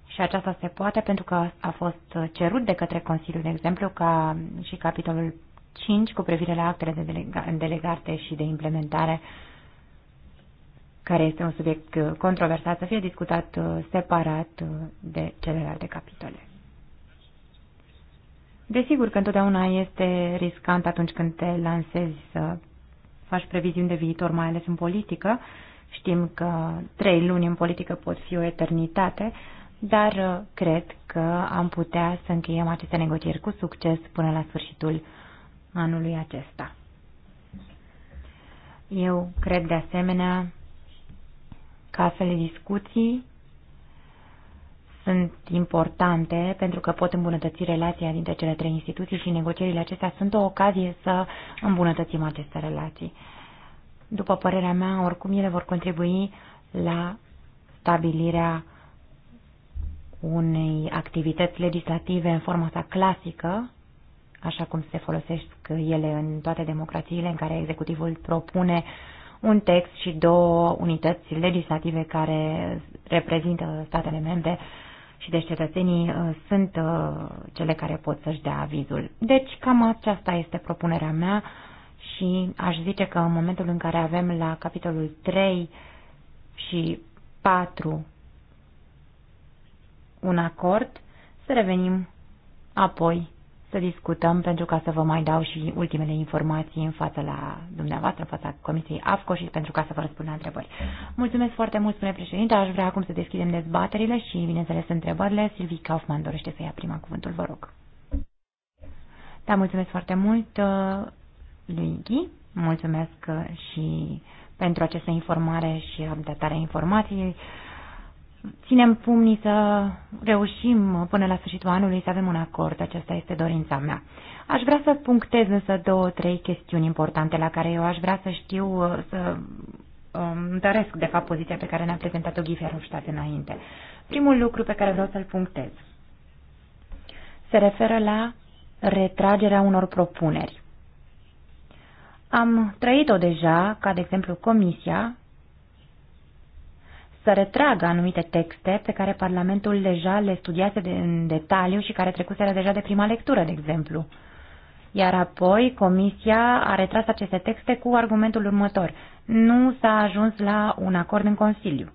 și aceasta se poate pentru că a fost cerut de către Consiliu, de exemplu, ca și capitolul 5 cu privire la actele de delega delegate și de implementare, care este un subiect uh, controversat, să fie discutat uh, separat uh, de celelalte capitole. Desigur că întotdeauna este riscant atunci când te lansezi să faci previziuni de viitor, mai ales în politică. Știm că trei luni în politică pot fi o eternitate, dar cred că am putea să încheiem aceste negocieri cu succes până la sfârșitul anului acesta. Eu cred de asemenea că astfel de discuții sunt importante pentru că pot îmbunătăți relația dintre cele trei instituții și negocierile acestea sunt o ocazie să îmbunătățim aceste relații. După părerea mea, oricum ele vor contribui la stabilirea unei activități legislative în forma sa clasică așa cum se folosesc ele în toate democrațiile în care executivul propune un text și două unități legislative care reprezintă statele membre și deci cetățenii uh, sunt uh, cele care pot să-și dea avizul. Deci cam aceasta este propunerea mea și aș zice că în momentul în care avem la capitolul 3 și 4 un acord, să revenim apoi să discutăm pentru ca să vă mai dau și ultimele informații în fața la dumneavoastră, în fața Comisiei AFCO și pentru ca să vă răspund la întrebări. Mulțumesc foarte mult, spune președinte. Aș vrea acum să deschidem dezbaterile și, bineînțeles, întrebările. Silvi Kaufman dorește să ia prima cuvântul, vă rog. Da, mulțumesc foarte mult uh, lui Ghi. Mulțumesc uh, și pentru această informare și updatarea informației ținem pumnii să reușim până la sfârșitul anului să avem un acord. Aceasta este dorința mea. Aș vrea să punctez însă două, trei chestiuni importante la care eu aș vrea să știu, să um, întăresc de fapt poziția pe care ne-a prezentat-o Guy Verhofstadt înainte. Primul lucru pe care vreau să-l punctez se referă la retragerea unor propuneri. Am trăit-o deja, ca de exemplu Comisia, să retragă anumite texte pe care Parlamentul deja le studiase de, în detaliu și care trecuseră deja de prima lectură, de exemplu. Iar apoi Comisia a retras aceste texte cu argumentul următor. Nu s-a ajuns la un acord în Consiliu.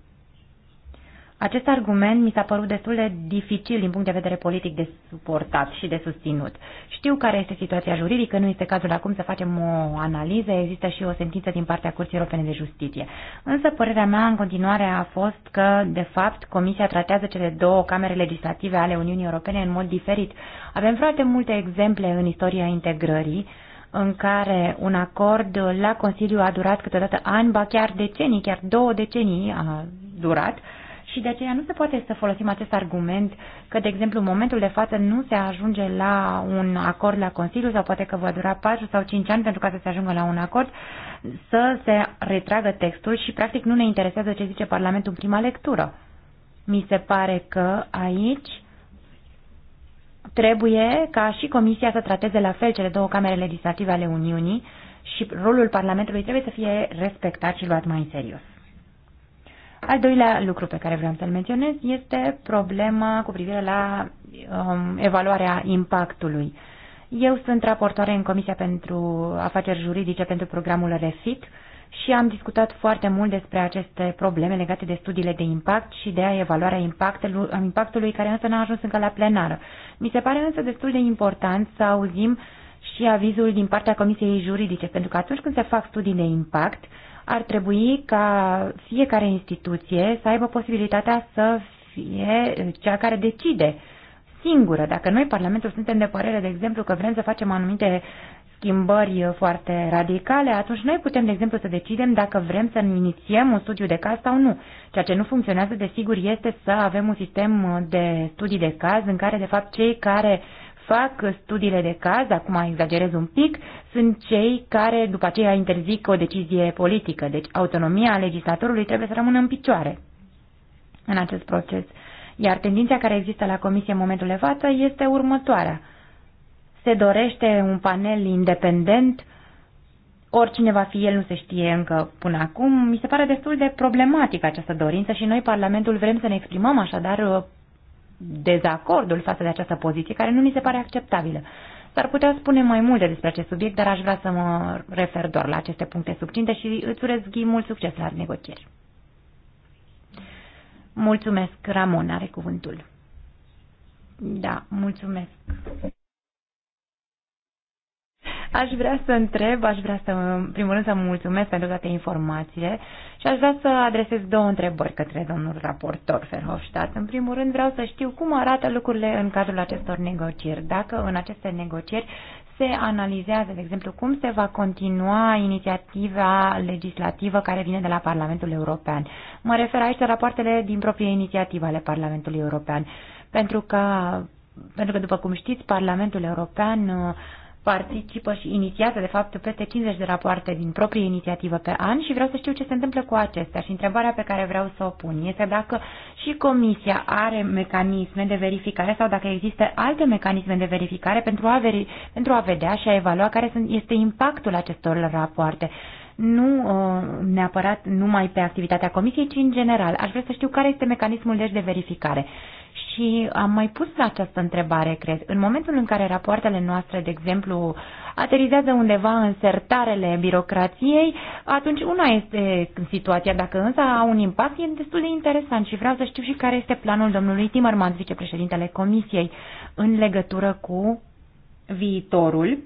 Acest argument mi s-a părut destul de dificil din punct de vedere politic de suportat și de susținut. Știu care este situația juridică, nu este cazul acum să facem o analiză, există și o sentință din partea Curții Europene de Justiție. Însă părerea mea în continuare a fost că, de fapt, Comisia tratează cele două camere legislative ale Uniunii Europene în mod diferit. Avem foarte multe exemple în istoria integrării în care un acord la Consiliu a durat câteodată ani, ba chiar decenii, chiar două decenii a durat, uh, și de aceea nu se poate să folosim acest argument că, de exemplu, în momentul de față nu se ajunge la un acord la Consiliu sau poate că va dura 4 sau 5 ani pentru ca să se ajungă la un acord, să se retragă textul și, practic, nu ne interesează ce zice Parlamentul în prima lectură. Mi se pare că aici trebuie ca și Comisia să trateze la fel cele două camere legislative ale Uniunii și rolul Parlamentului trebuie să fie respectat și luat mai în serios. Al doilea lucru pe care vreau să-l menționez este problema cu privire la um, evaluarea impactului. Eu sunt raportoare în Comisia pentru Afaceri Juridice pentru programul REFIT și am discutat foarte mult despre aceste probleme legate de studiile de impact și de evaluarea impactului, impactului care însă n-a ajuns încă la plenară. Mi se pare însă destul de important să auzim și avizul din partea Comisiei Juridice, pentru că atunci când se fac studii de impact, uh, ar trebui ca fiecare instituție să aibă posibilitatea să fie cea care decide singură. Dacă noi, Parlamentul, suntem de părere, de exemplu, că vrem să facem anumite schimbări foarte radicale, atunci noi putem, de exemplu, să decidem dacă vrem să inițiem un studiu de caz sau nu. Ceea ce nu funcționează, desigur, este să avem un sistem de studii de caz în care, de fapt, cei care fac studiile de caz, acum exagerez un pic, sunt cei care după aceea interzic o decizie politică. Deci autonomia legislatorului trebuie să rămână în picioare în acest proces. Iar tendința care există la Comisie în momentul de față este următoarea. Se dorește un panel independent, oricine va fi el nu se știe încă până acum. Mi se pare destul de problematică această dorință și noi, Parlamentul, vrem să ne exprimăm așadar uh, dezacordul față de această poziție, care nu mi se pare acceptabilă. S-ar putea spune mai multe despre acest subiect, dar aș vrea să mă refer doar la aceste puncte subținte și îți urez ghi mult succes la negocieri. Mulțumesc, Ramon are cuvântul. Da, mulțumesc. Aș vrea să întreb, aș vrea să, în primul rând, să mulțumesc pentru toate informațiile și aș vrea să adresez două întrebări către domnul raportor Ferhofstadt. În primul rând, vreau să știu cum arată lucrurile în cadrul acestor negocieri. Dacă în aceste negocieri se analizează, de exemplu, cum se va continua inițiativa legislativă care vine de la Parlamentul European. Mă refer aici la rapoartele din proprie inițiativă ale Parlamentului European, pentru că pentru că, după cum știți, Parlamentul European uh, participă și inițiază, de fapt, peste 50 de rapoarte din proprie inițiativă pe an și vreau să știu ce se întâmplă cu acestea. Și întrebarea pe care vreau să o pun este dacă și Comisia are mecanisme de verificare sau dacă există alte mecanisme de verificare pentru a, veri, pentru a vedea și a evalua care este impactul acestor rapoarte nu uh, neapărat numai pe activitatea comisiei, ci în general. Aș vrea să știu care este mecanismul deci de verificare și am mai pus această întrebare, cred. În momentul în care rapoartele noastre, de exemplu, aterizează undeva în sertarele birocrației, atunci una este situația. Dacă însă au un impact, e destul de interesant și vreau să știu și care este planul domnului Timmermans, vicepreședintele Comisiei, în legătură cu viitorul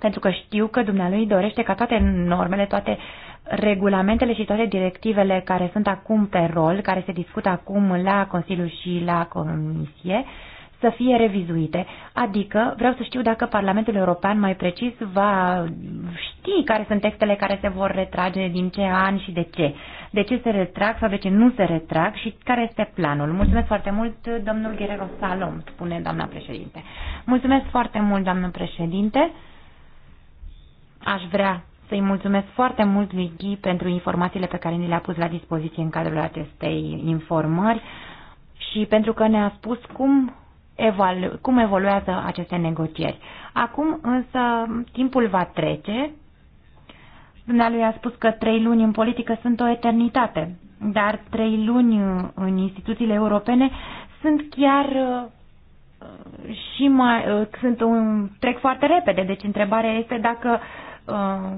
pentru că știu că dumnealui dorește ca toate normele, toate uh, regulamentele și toate directivele care sunt acum pe rol, care se discută acum la Consiliu și la Comisie, să fie revizuite. Adică vreau să știu dacă Parlamentul European mai precis va ști care sunt textele care se vor retrage, din ce an și de ce. De ce se retrag sau de ce nu se retrag și care este planul. Mulțumesc foarte mult, domnul Guerrero Salom, spune doamna președinte. Mulțumesc foarte mult, doamnă președinte. Aș vrea să-i mulțumesc foarte mult lui Ghi pentru informațiile pe care ni le-a pus la dispoziție în cadrul acestei informări și pentru că ne-a spus cum, evolu- cum evoluează aceste negocieri. Acum însă timpul va trece. Dumnealui a spus că trei luni în politică sunt o eternitate, dar trei luni în instituțiile europene sunt chiar uh, și mai, uh, sunt un, trec foarte repede, deci întrebarea este dacă uh, Uh,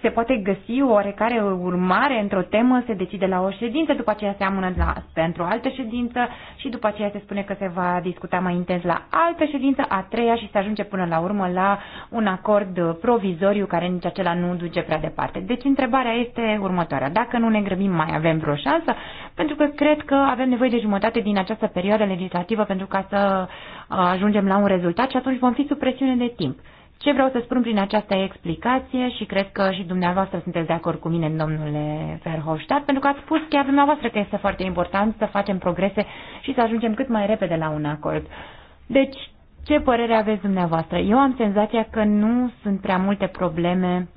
se poate găsi o oarecare urmare într-o temă, se decide la o ședință, după aceea se amână la, pentru o altă ședință și după aceea se spune că se va discuta mai intens la altă ședință, a treia și se ajunge până la urmă la un acord provizoriu care nici acela nu duce prea departe. Deci întrebarea este următoarea. Dacă nu ne grăbim, mai avem vreo șansă? Pentru că cred că avem nevoie de jumătate din această perioadă legislativă pentru ca să uh, ajungem la un rezultat și atunci vom fi sub presiune de timp. Ce vreau să spun prin această explicație și cred că și dumneavoastră sunteți de acord cu mine, domnule Verhofstadt, pentru că ați spus chiar dumneavoastră că este foarte important să facem progrese și să ajungem cât mai repede la un acord. Deci, ce părere aveți dumneavoastră? Eu am senzația că nu sunt prea multe probleme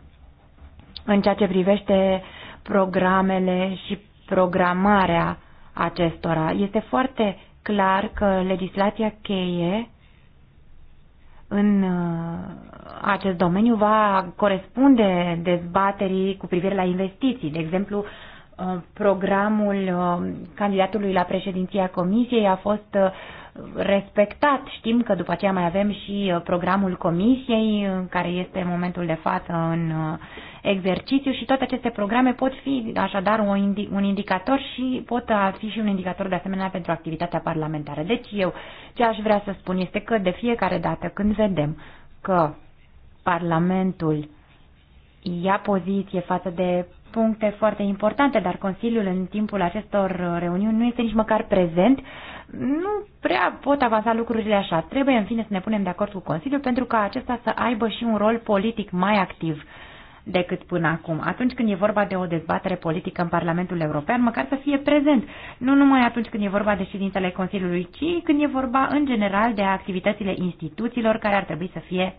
în ceea ce privește programele și programarea acestora. Este foarte clar că legislația cheie în uh, acest domeniu va corespunde dezbaterii cu privire la investiții, de exemplu Uh, programul uh, candidatului la președinția comisiei a fost uh, respectat. Știm că după aceea mai avem și programul comisiei, care este în momentul de față în exercițiu și toate aceste programe pot fi așadar un indicator și pot fi și un indicator de asemenea pentru activitatea parlamentară. Deci eu ce aș vrea să spun este că de fiecare dată când vedem că Parlamentul ia poziție față de puncte foarte importante, dar Consiliul în timpul acestor reuniuni nu este nici măcar prezent, nu prea pot avansa lucrurile așa. Trebuie, în fine, să ne punem de acord cu Consiliul pentru ca acesta să aibă și un rol politic mai activ decât până acum. Atunci când e vorba de o dezbatere politică în Parlamentul European, măcar să fie prezent. Nu numai atunci când e vorba de ședințele Consiliului, ci când e vorba în general de activitățile instituțiilor care ar trebui să fie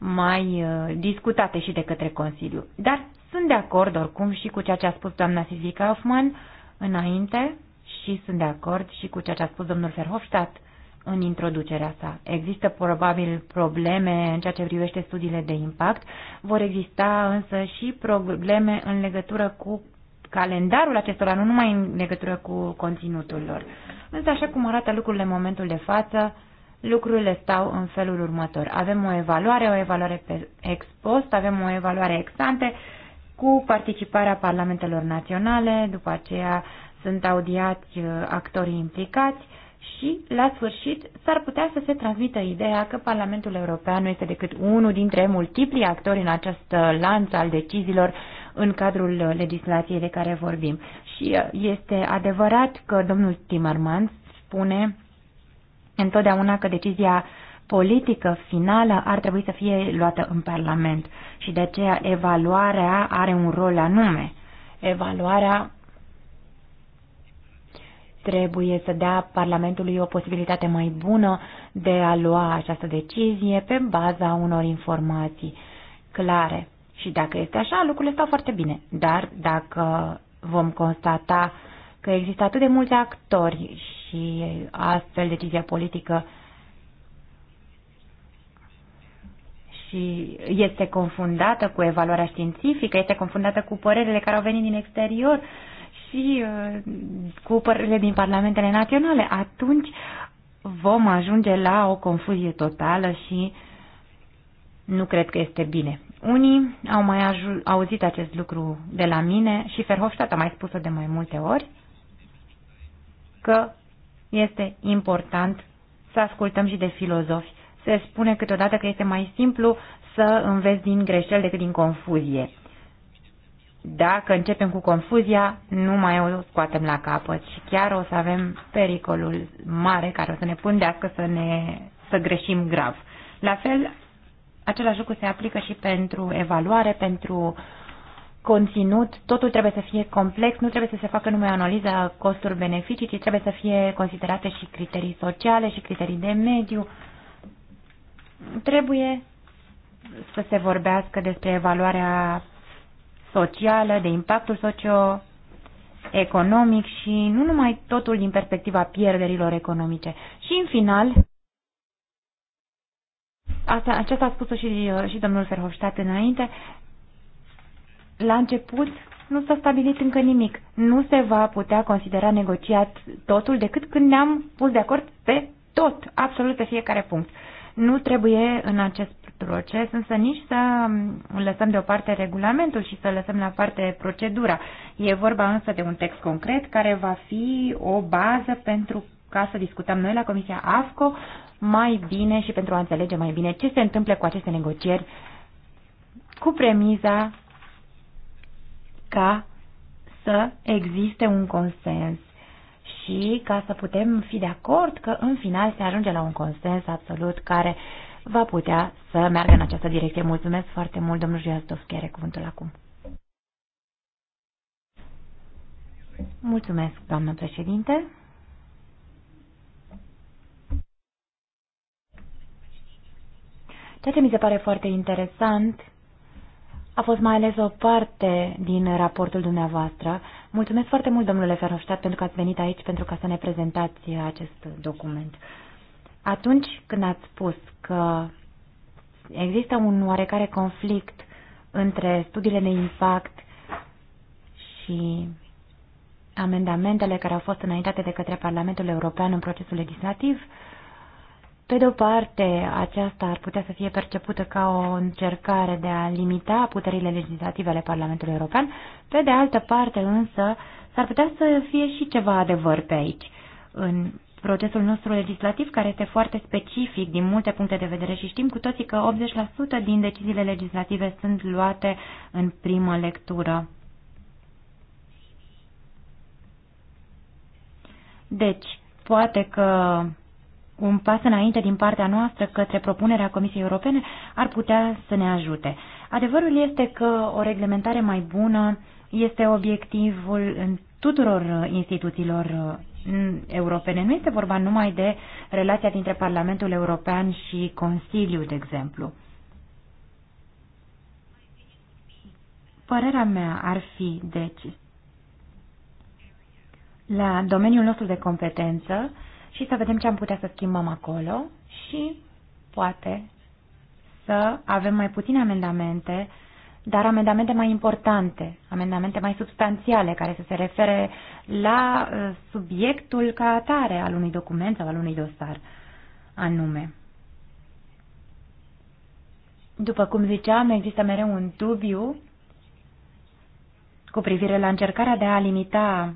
mai uh, discutate și de către Consiliu. Dar sunt de acord oricum și cu ceea ce a spus doamna Silvie Kaufman înainte și sunt de acord și cu ceea ce a spus domnul Verhofstadt în introducerea sa. Există probabil probleme în ceea ce privește studiile de impact, vor exista însă și probleme în legătură cu calendarul acestora, nu numai în legătură cu conținutul lor. Însă, așa cum arată lucrurile în momentul de față, lucrurile stau în felul următor. Avem o evaluare, o evaluare pe ex post, avem o evaluare ex ante cu participarea parlamentelor naționale, după aceea sunt audiați uh, actorii implicați și, la sfârșit, s-ar putea să se transmită ideea că Parlamentul European nu este decât unul dintre multiplii actori în acest lanț al deciziilor în cadrul uh, legislației de care vorbim. Și uh, este adevărat că domnul Timmermans spune întotdeauna că decizia politică finală ar trebui să fie luată în Parlament și de aceea evaluarea are un rol anume. Evaluarea trebuie să dea Parlamentului o posibilitate mai bună de a lua această decizie pe baza unor informații clare. Și dacă este așa, lucrurile stau foarte bine. Dar dacă vom constata că există atât de mulți actori și astfel decizia politică și este confundată cu evaluarea științifică, este confundată cu părerile care au venit din exterior și uh, cu părerile din parlamentele naționale, atunci vom ajunge la o confuzie totală și nu cred că este bine. Unii au mai auzit acest lucru de la mine și Verhofstadt a mai spus-o de mai multe ori, că este important să ascultăm și de filozofi. Se spune câteodată că este mai simplu să înveți din greșeli decât din confuzie. Dacă începem cu confuzia, nu mai o scoatem la capăt și chiar o să avem pericolul mare care o să ne pândească să, ne, să greșim grav. La fel, același lucru se aplică și pentru evaluare, pentru uh, conținut, totul trebuie să fie complex, nu trebuie să se facă numai analiza costuri-beneficii, ci trebuie să fie considerate și criterii sociale și criterii de mediu. Trebuie să se vorbească despre evaluarea socială, de impactul socio economic și nu numai totul din perspectiva pierderilor economice. Și în final, asta, aceasta a spus-o și, și domnul Ferhofstadt înainte, la început nu s-a stabilit încă nimic. Nu se va putea considera negociat totul decât când ne-am pus de acord pe tot, absolut pe fiecare punct. Nu trebuie în acest proces însă nici să lăsăm deoparte regulamentul și să lăsăm la parte procedura. E vorba însă de un text concret care va fi o bază pentru ca să discutăm noi la Comisia AFCO mai bine și pentru a înțelege mai bine ce se întâmplă cu aceste negocieri cu premiza ca să existe un consens și ca să putem fi de acord că în final se ajunge la un consens absolut care va putea să meargă în această direcție. Mulțumesc foarte mult, domnul Juiastovski, are cuvântul acum. Mulțumesc, doamnă președinte. Ceea ce mi se pare foarte interesant a fost mai ales o parte din raportul dumneavoastră. Mulțumesc foarte mult, domnule Ferhofstadt, pentru că ați venit aici pentru ca să ne prezentați acest document. Atunci când ați spus că există un oarecare conflict între studiile de impact și amendamentele care au fost înaintate de către Parlamentul European în procesul legislativ, uh, pe de o parte, aceasta ar putea să fie percepută ca o încercare de a limita puterile legislative ale Parlamentului European, pe de altă parte însă s-ar putea să fie și ceva adevăr pe aici. În procesul nostru legislativ, care este foarte specific din multe puncte de vedere și știm cu toții că 80% din deciziile legislative sunt luate în primă lectură. Deci, poate că un pas înainte din partea noastră către propunerea Comisiei Europene ar putea să ne ajute. Adevărul este că o reglementare mai bună este obiectivul în tuturor uh, instituțiilor uh, europene. Nu este vorba numai de relația dintre Parlamentul European și Consiliu, de exemplu. Părerea mea ar fi, deci, la domeniul nostru de competență, și să vedem ce am putea să schimbăm acolo și poate să avem mai puține amendamente, dar amendamente mai importante, amendamente mai substanțiale care să se refere la uh, subiectul ca atare al unui document sau al unui dosar anume. După cum ziceam, există mereu un dubiu cu privire la încercarea de a limita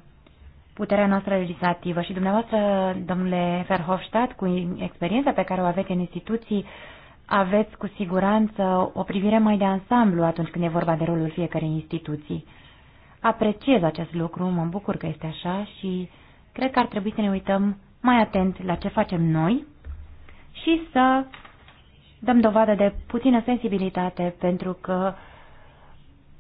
puterea noastră legislativă și dumneavoastră, domnule Verhofstadt, cu experiența pe care o aveți în instituții, aveți cu siguranță o privire mai de ansamblu atunci când e vorba de rolul fiecarei instituții. Apreciez acest lucru, mă bucur că este așa și cred că ar trebui să ne uităm mai atent la ce facem noi și să dăm dovadă de puțină sensibilitate pentru că uh,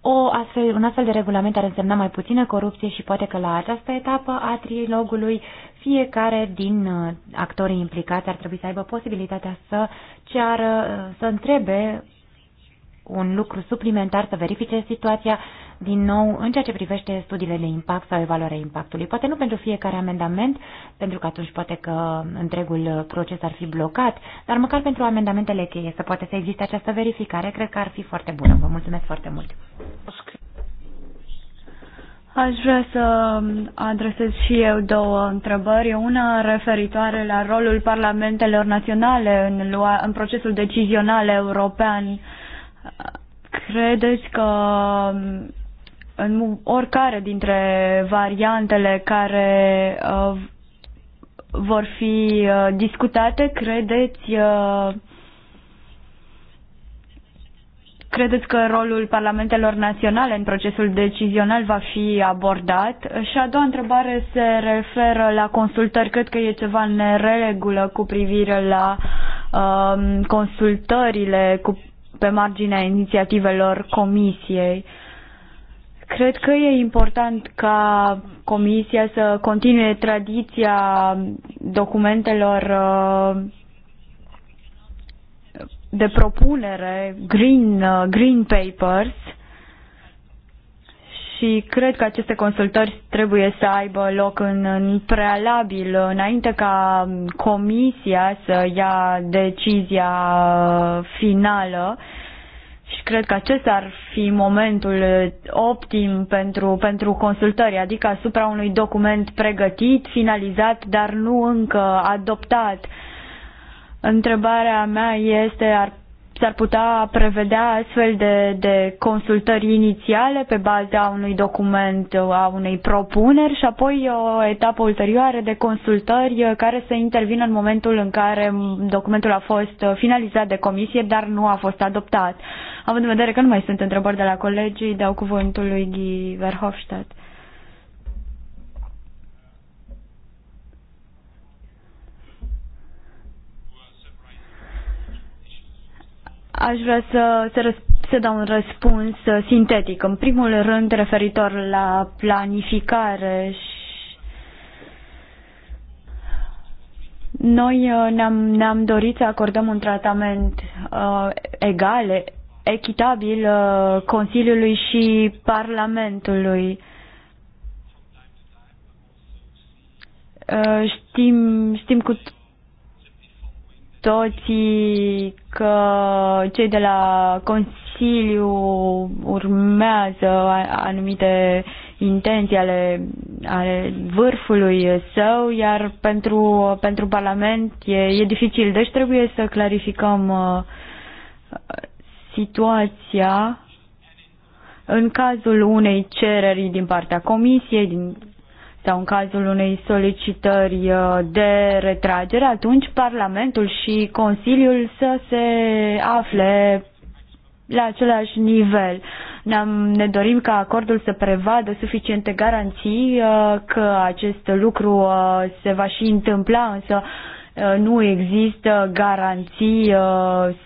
o astfel, un astfel de regulament ar însemna mai puțină corupție și poate că la această etapă a trilogului fiecare din uh, actorii implicați ar trebui să aibă posibilitatea să ceară, uh, să întrebe un lucru suplimentar, să verifice situația din nou în ceea ce privește studiile de impact sau evaluarea impactului. Poate nu pentru fiecare amendament, pentru că atunci poate că întregul proces ar fi blocat, dar măcar pentru amendamentele cheie să poate să existe această verificare, cred că ar fi foarte bună. Vă mulțumesc foarte mult! Aș vrea să adresez și eu două întrebări. Una referitoare la rolul parlamentelor naționale în, lua, în procesul decizional european. Uh, Credeți că în oricare dintre variantele care uh, vor fi uh, discutate, credeți uh, Credeți că rolul parlamentelor naționale în procesul decizional va fi abordat? Și a doua întrebare se referă la consultări. Cred că e ceva în neregulă cu privire la um, consultările cu pe marginea inițiativelor comisiei. Cred că e important ca comisia să continue tradiția documentelor uh, de propunere, green, uh, green papers, și cred că aceste consultări trebuie să aibă loc în, în prealabil, înainte ca comisia să ia decizia finală și cred că acesta ar fi momentul optim pentru, pentru consultări, adică asupra unui document pregătit, finalizat, dar nu încă adoptat. Întrebarea mea este, ar s-ar putea prevedea astfel de, de consultări inițiale pe baza unui document, a unei propuneri și apoi o etapă ulterioară de consultări care să intervină în momentul în care documentul a fost finalizat de comisie, dar nu a fost adoptat. Având în vedere că nu mai sunt întrebări de la colegii, dau cuvântul lui Guy Verhofstadt. Aș vrea să, să, să dau un răspuns uh, sintetic. În primul rând, referitor la planificare și noi uh, ne-am, ne-am dorit să acordăm un tratament uh, egal, echitabil uh, Consiliului și Parlamentului. Uh, știm, știm cu toții că cei de la Consiliu urmează anumite intenții ale, ale vârfului său, iar pentru, pentru Parlament e, e dificil. Deci trebuie să clarificăm uh, situația în cazul unei cereri din partea Comisiei, din sau în cazul unei solicitări uh, de retragere, atunci Parlamentul și Consiliul să se afle la același nivel. Ne, ne dorim ca acordul să prevadă suficiente garanții uh, că acest lucru uh, se va și întâmpla, însă nu există garanții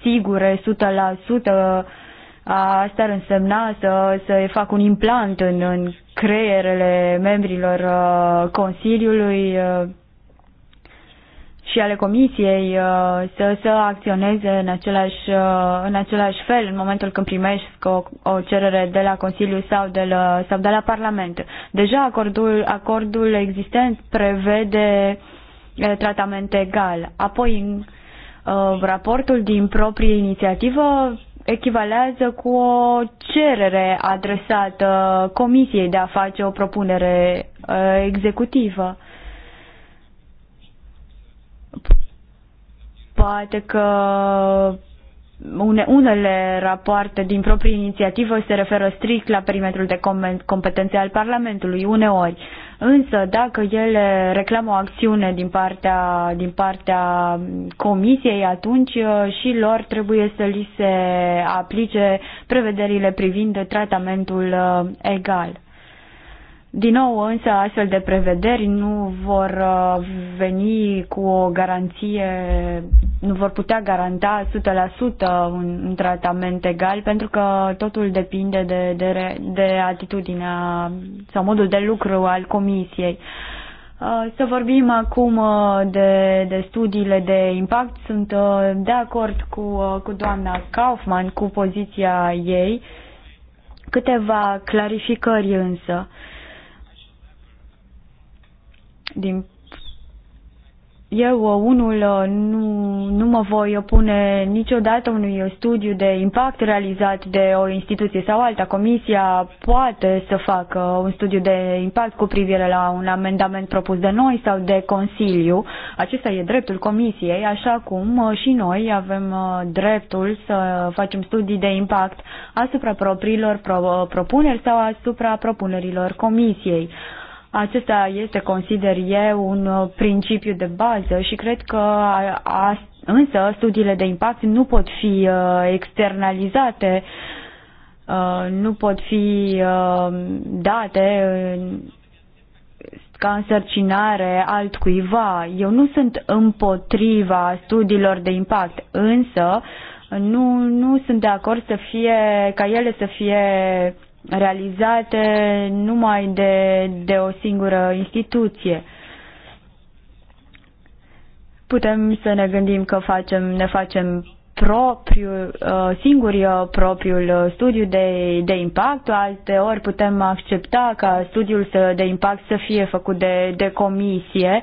sigure 100% Asta ar însemna să, să fac un implant în, în creierele membrilor uh, Consiliului uh, și ale Comisiei uh, să, să acționeze în același, uh, în același fel în momentul când primești o, o cerere de la Consiliu sau de la, sau de la Parlament. Deja acordul, acordul existent prevede uh, tratament egal. Apoi, uh, raportul din proprie inițiativă echivalează cu o cerere adresată Comisiei de a face o propunere uh, executivă. Poate că unele rapoarte din proprie inițiativă se referă strict la perimetrul de competențe al Parlamentului, uneori. Însă, dacă ele reclamă o acțiune din partea, din partea Comisiei, atunci uh, și lor trebuie să li se aplice prevederile privind tratamentul uh, egal. Din nou, însă, astfel de prevederi nu vor uh, veni cu o garanție, nu vor putea garanta 100% un, un tratament egal, pentru că totul depinde de, de, de atitudinea sau modul de lucru al comisiei. Uh, să vorbim acum uh, de, de studiile de impact. Sunt de acord cu, cu doamna Kaufman, cu poziția ei. Câteva clarificări însă. Uh, din eu, unul, nu, nu mă voi opune niciodată unui studiu de impact realizat de o instituție sau alta. Comisia poate să facă un studiu de impact cu privire la un amendament propus de noi sau de Consiliu. Acesta e dreptul Comisiei, așa cum uh, și noi avem uh, dreptul să facem studii de impact asupra propriilor uh, propuneri sau asupra propunerilor Comisiei. Acesta este, consider eu, un uh, principiu de bază și cred că a, însă studiile de impact nu pot fi uh, externalizate, uh, nu pot fi date ca însărcinare altcuiva. Eu nu sunt împotriva studiilor de impact, însă nu, nu sunt de acord să fie, ca ele să fie realizate numai de, de o singură instituție. Putem să ne gândim că facem, ne facem propriu, uh, singuri uh, propriul studiu de, de impact, alte ori putem accepta ca studiul de impact să fie făcut de, de comisie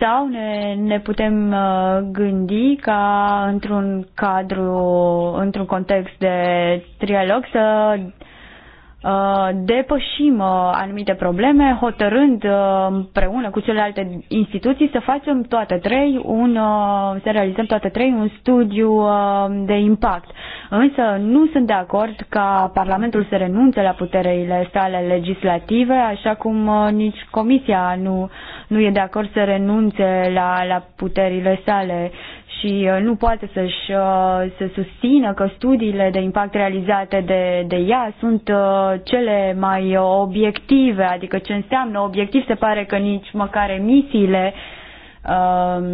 sau ne, ne putem uh, gândi ca într-un cadru, într-un context de trialog să Uh, depășim uh, anumite probleme, hotărând uh, împreună cu celelalte instituții să facem toate trei, un, să realizăm toate trei un studiu de impact. Însă nu sunt de acord ca Parlamentul să renunțe la puterile sale legislative, așa cum nici Comisia nu, nu e de acord să renunțe la, la puterile sale și uh, nu poate să-și uh, să susțină că studiile de impact realizate de, de ea sunt uh, cele mai obiective, adică ce înseamnă obiectiv se pare că nici măcar emisiile um,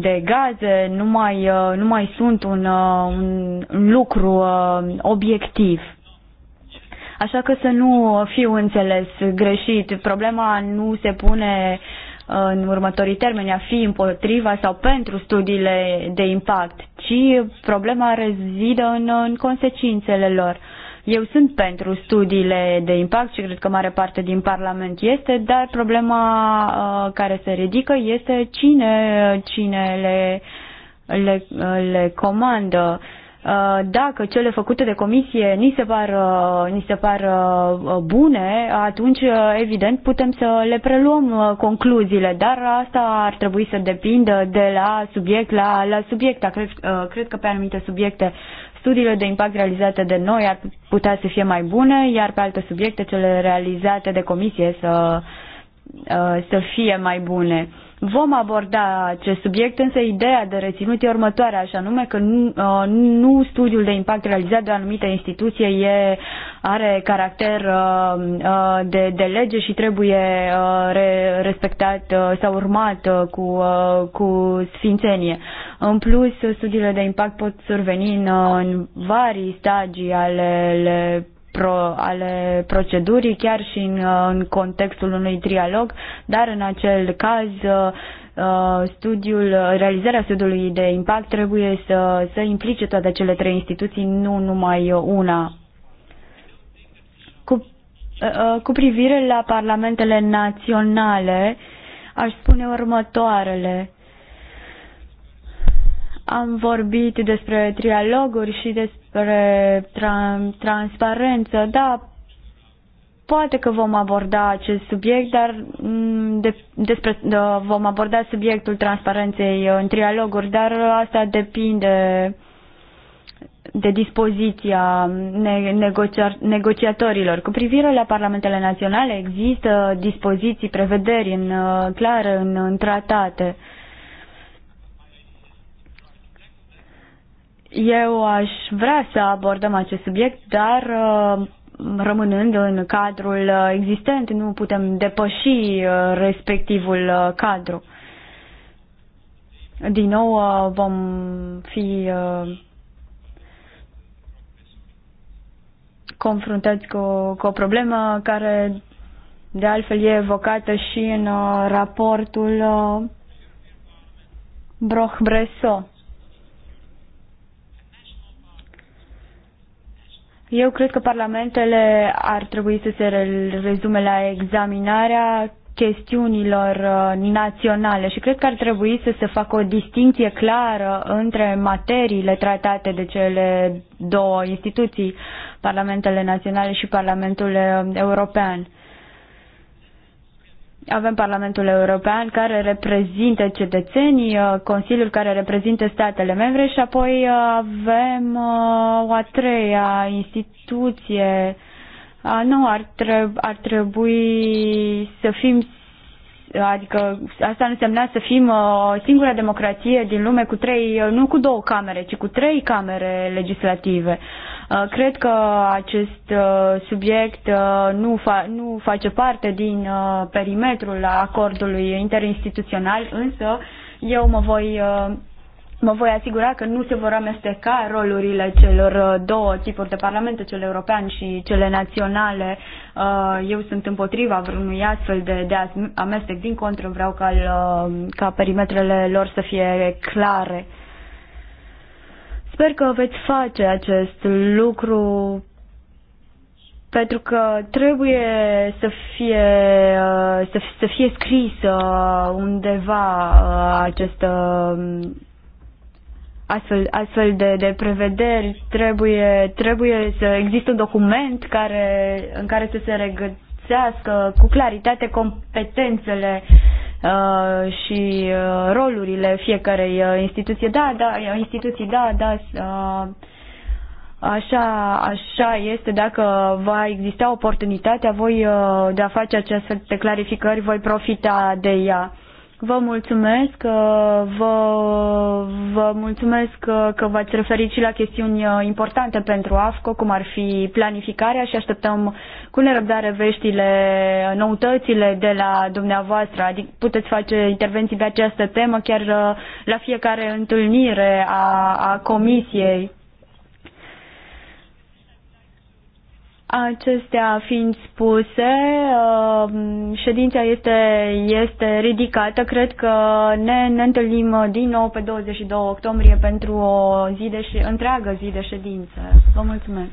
de gaze nu mai, nu mai sunt un, un lucru obiectiv. Așa că să nu fiu înțeles greșit, problema nu se pune în următorii termeni a fi împotriva sau pentru studiile de impact, ci problema rezidă în, în consecințele lor. Eu sunt pentru studiile de impact și cred că mare parte din Parlament este, dar problema uh, care se ridică este cine, cine le, le, le comandă. Uh, Uh, dacă cele făcute de comisie ni se par, uh, ni se par uh, bune, atunci evident putem să le preluăm concluziile, dar asta ar trebui să depindă de la subiect la, la subiect. Cred, cred că pe anumite subiecte studiile de impact realizate de noi ar putea să fie mai bune, iar pe alte subiecte cele realizate de comisie să, să fie mai bune. Vom aborda acest subiect, însă ideea de reținut e următoarea, așa nume că nu, uh, nu studiul de impact realizat de o anumită instituție e, are caracter uh, uh, de, de lege și trebuie respectat sau urmat cu, cu sfințenie. În plus, studiile de impact pot surveni în, în vari stagii ale pro, ale procedurii, chiar și în, în contextul unui trialog, dar în acel caz uh, studiul, realizarea studiului de impact trebuie să, să implice toate cele trei instituții, nu numai una. Cu, uh, cu privire la parlamentele naționale, aș spune următoarele am vorbit despre trialoguri și despre tra- transparență. Da, poate că vom aborda acest subiect, dar mm, de, despre, de, vom aborda subiectul transparenței uh, în trialoguri, dar asta depinde de dispoziția negociatorilor. Cu privire la parlamentele naționale, există dispoziții, prevederi în, uh, clare în, în tratate. Uh, Eu aș vrea să abordăm acest subiect, dar uh, rămânând în cadrul existent, nu putem depăși uh, respectivul uh, cadru. Din nou vom fi confruntați cu, cu o problemă care de altfel e evocată și în raportul Broch-Bresson. Eu cred că parlamentele ar trebui să se rezume la examinarea chestiunilor uh, naționale și cred că ar trebui să se facă o distinție clară între materiile tratate de cele două instituții, Parlamentele Naționale și Parlamentul uh, European avem Parlamentul European care reprezintă cetățenii, uh, Consiliul care reprezintă statele membre și apoi uh, avem uh, o a treia instituție. Nu, ar, treb- ar trebui să fim adică asta însemna să fim o singura democrație din lume cu trei, nu cu două camere, ci cu trei camere legislative. Uh, cred că acest uh, subiect uh, nu, fa- nu face parte din perimetrul acordului interinstituțional, însă eu mă voi mă voi asigura că nu se vor amesteca rolurile celor două tipuri de parlamente, cel european și cele naționale. Eu sunt împotriva vreunui astfel de, de amestec. Din contră, vreau ca, ca perimetrele lor să fie clare. Sper că veți face acest lucru pentru că trebuie să fie, uh, să, să fie scris uh, undeva uh, acest um, astfel, astfel de, de prevederi, trebuie, trebuie să există un document care, în care să se regăsească cu claritate competențele Uh, și uh, rolurile fiecarei uh, instituție. Da, da, instituții, da, da, așa, așa este. Dacă va exista oportunitatea voi de a face aceste clarificări, voi profita de ea. Vă mulțumesc, vă, vă mulțumesc că v-ați referit și la chestiuni uh, importante pentru AFCO, cum ar fi planificarea și așteptăm cu nerăbdare veștile, uh, noutățile de la dumneavoastră. Adică puteți face intervenții pe această temă chiar uh, la fiecare întâlnire a, a comisiei. Acestea fiind spuse, uh, ședința este, este ridicată. Cred că ne, ne întâlnim din nou pe 22 octombrie pentru o zi de, întreagă zi de ședință. Vă mulțumesc!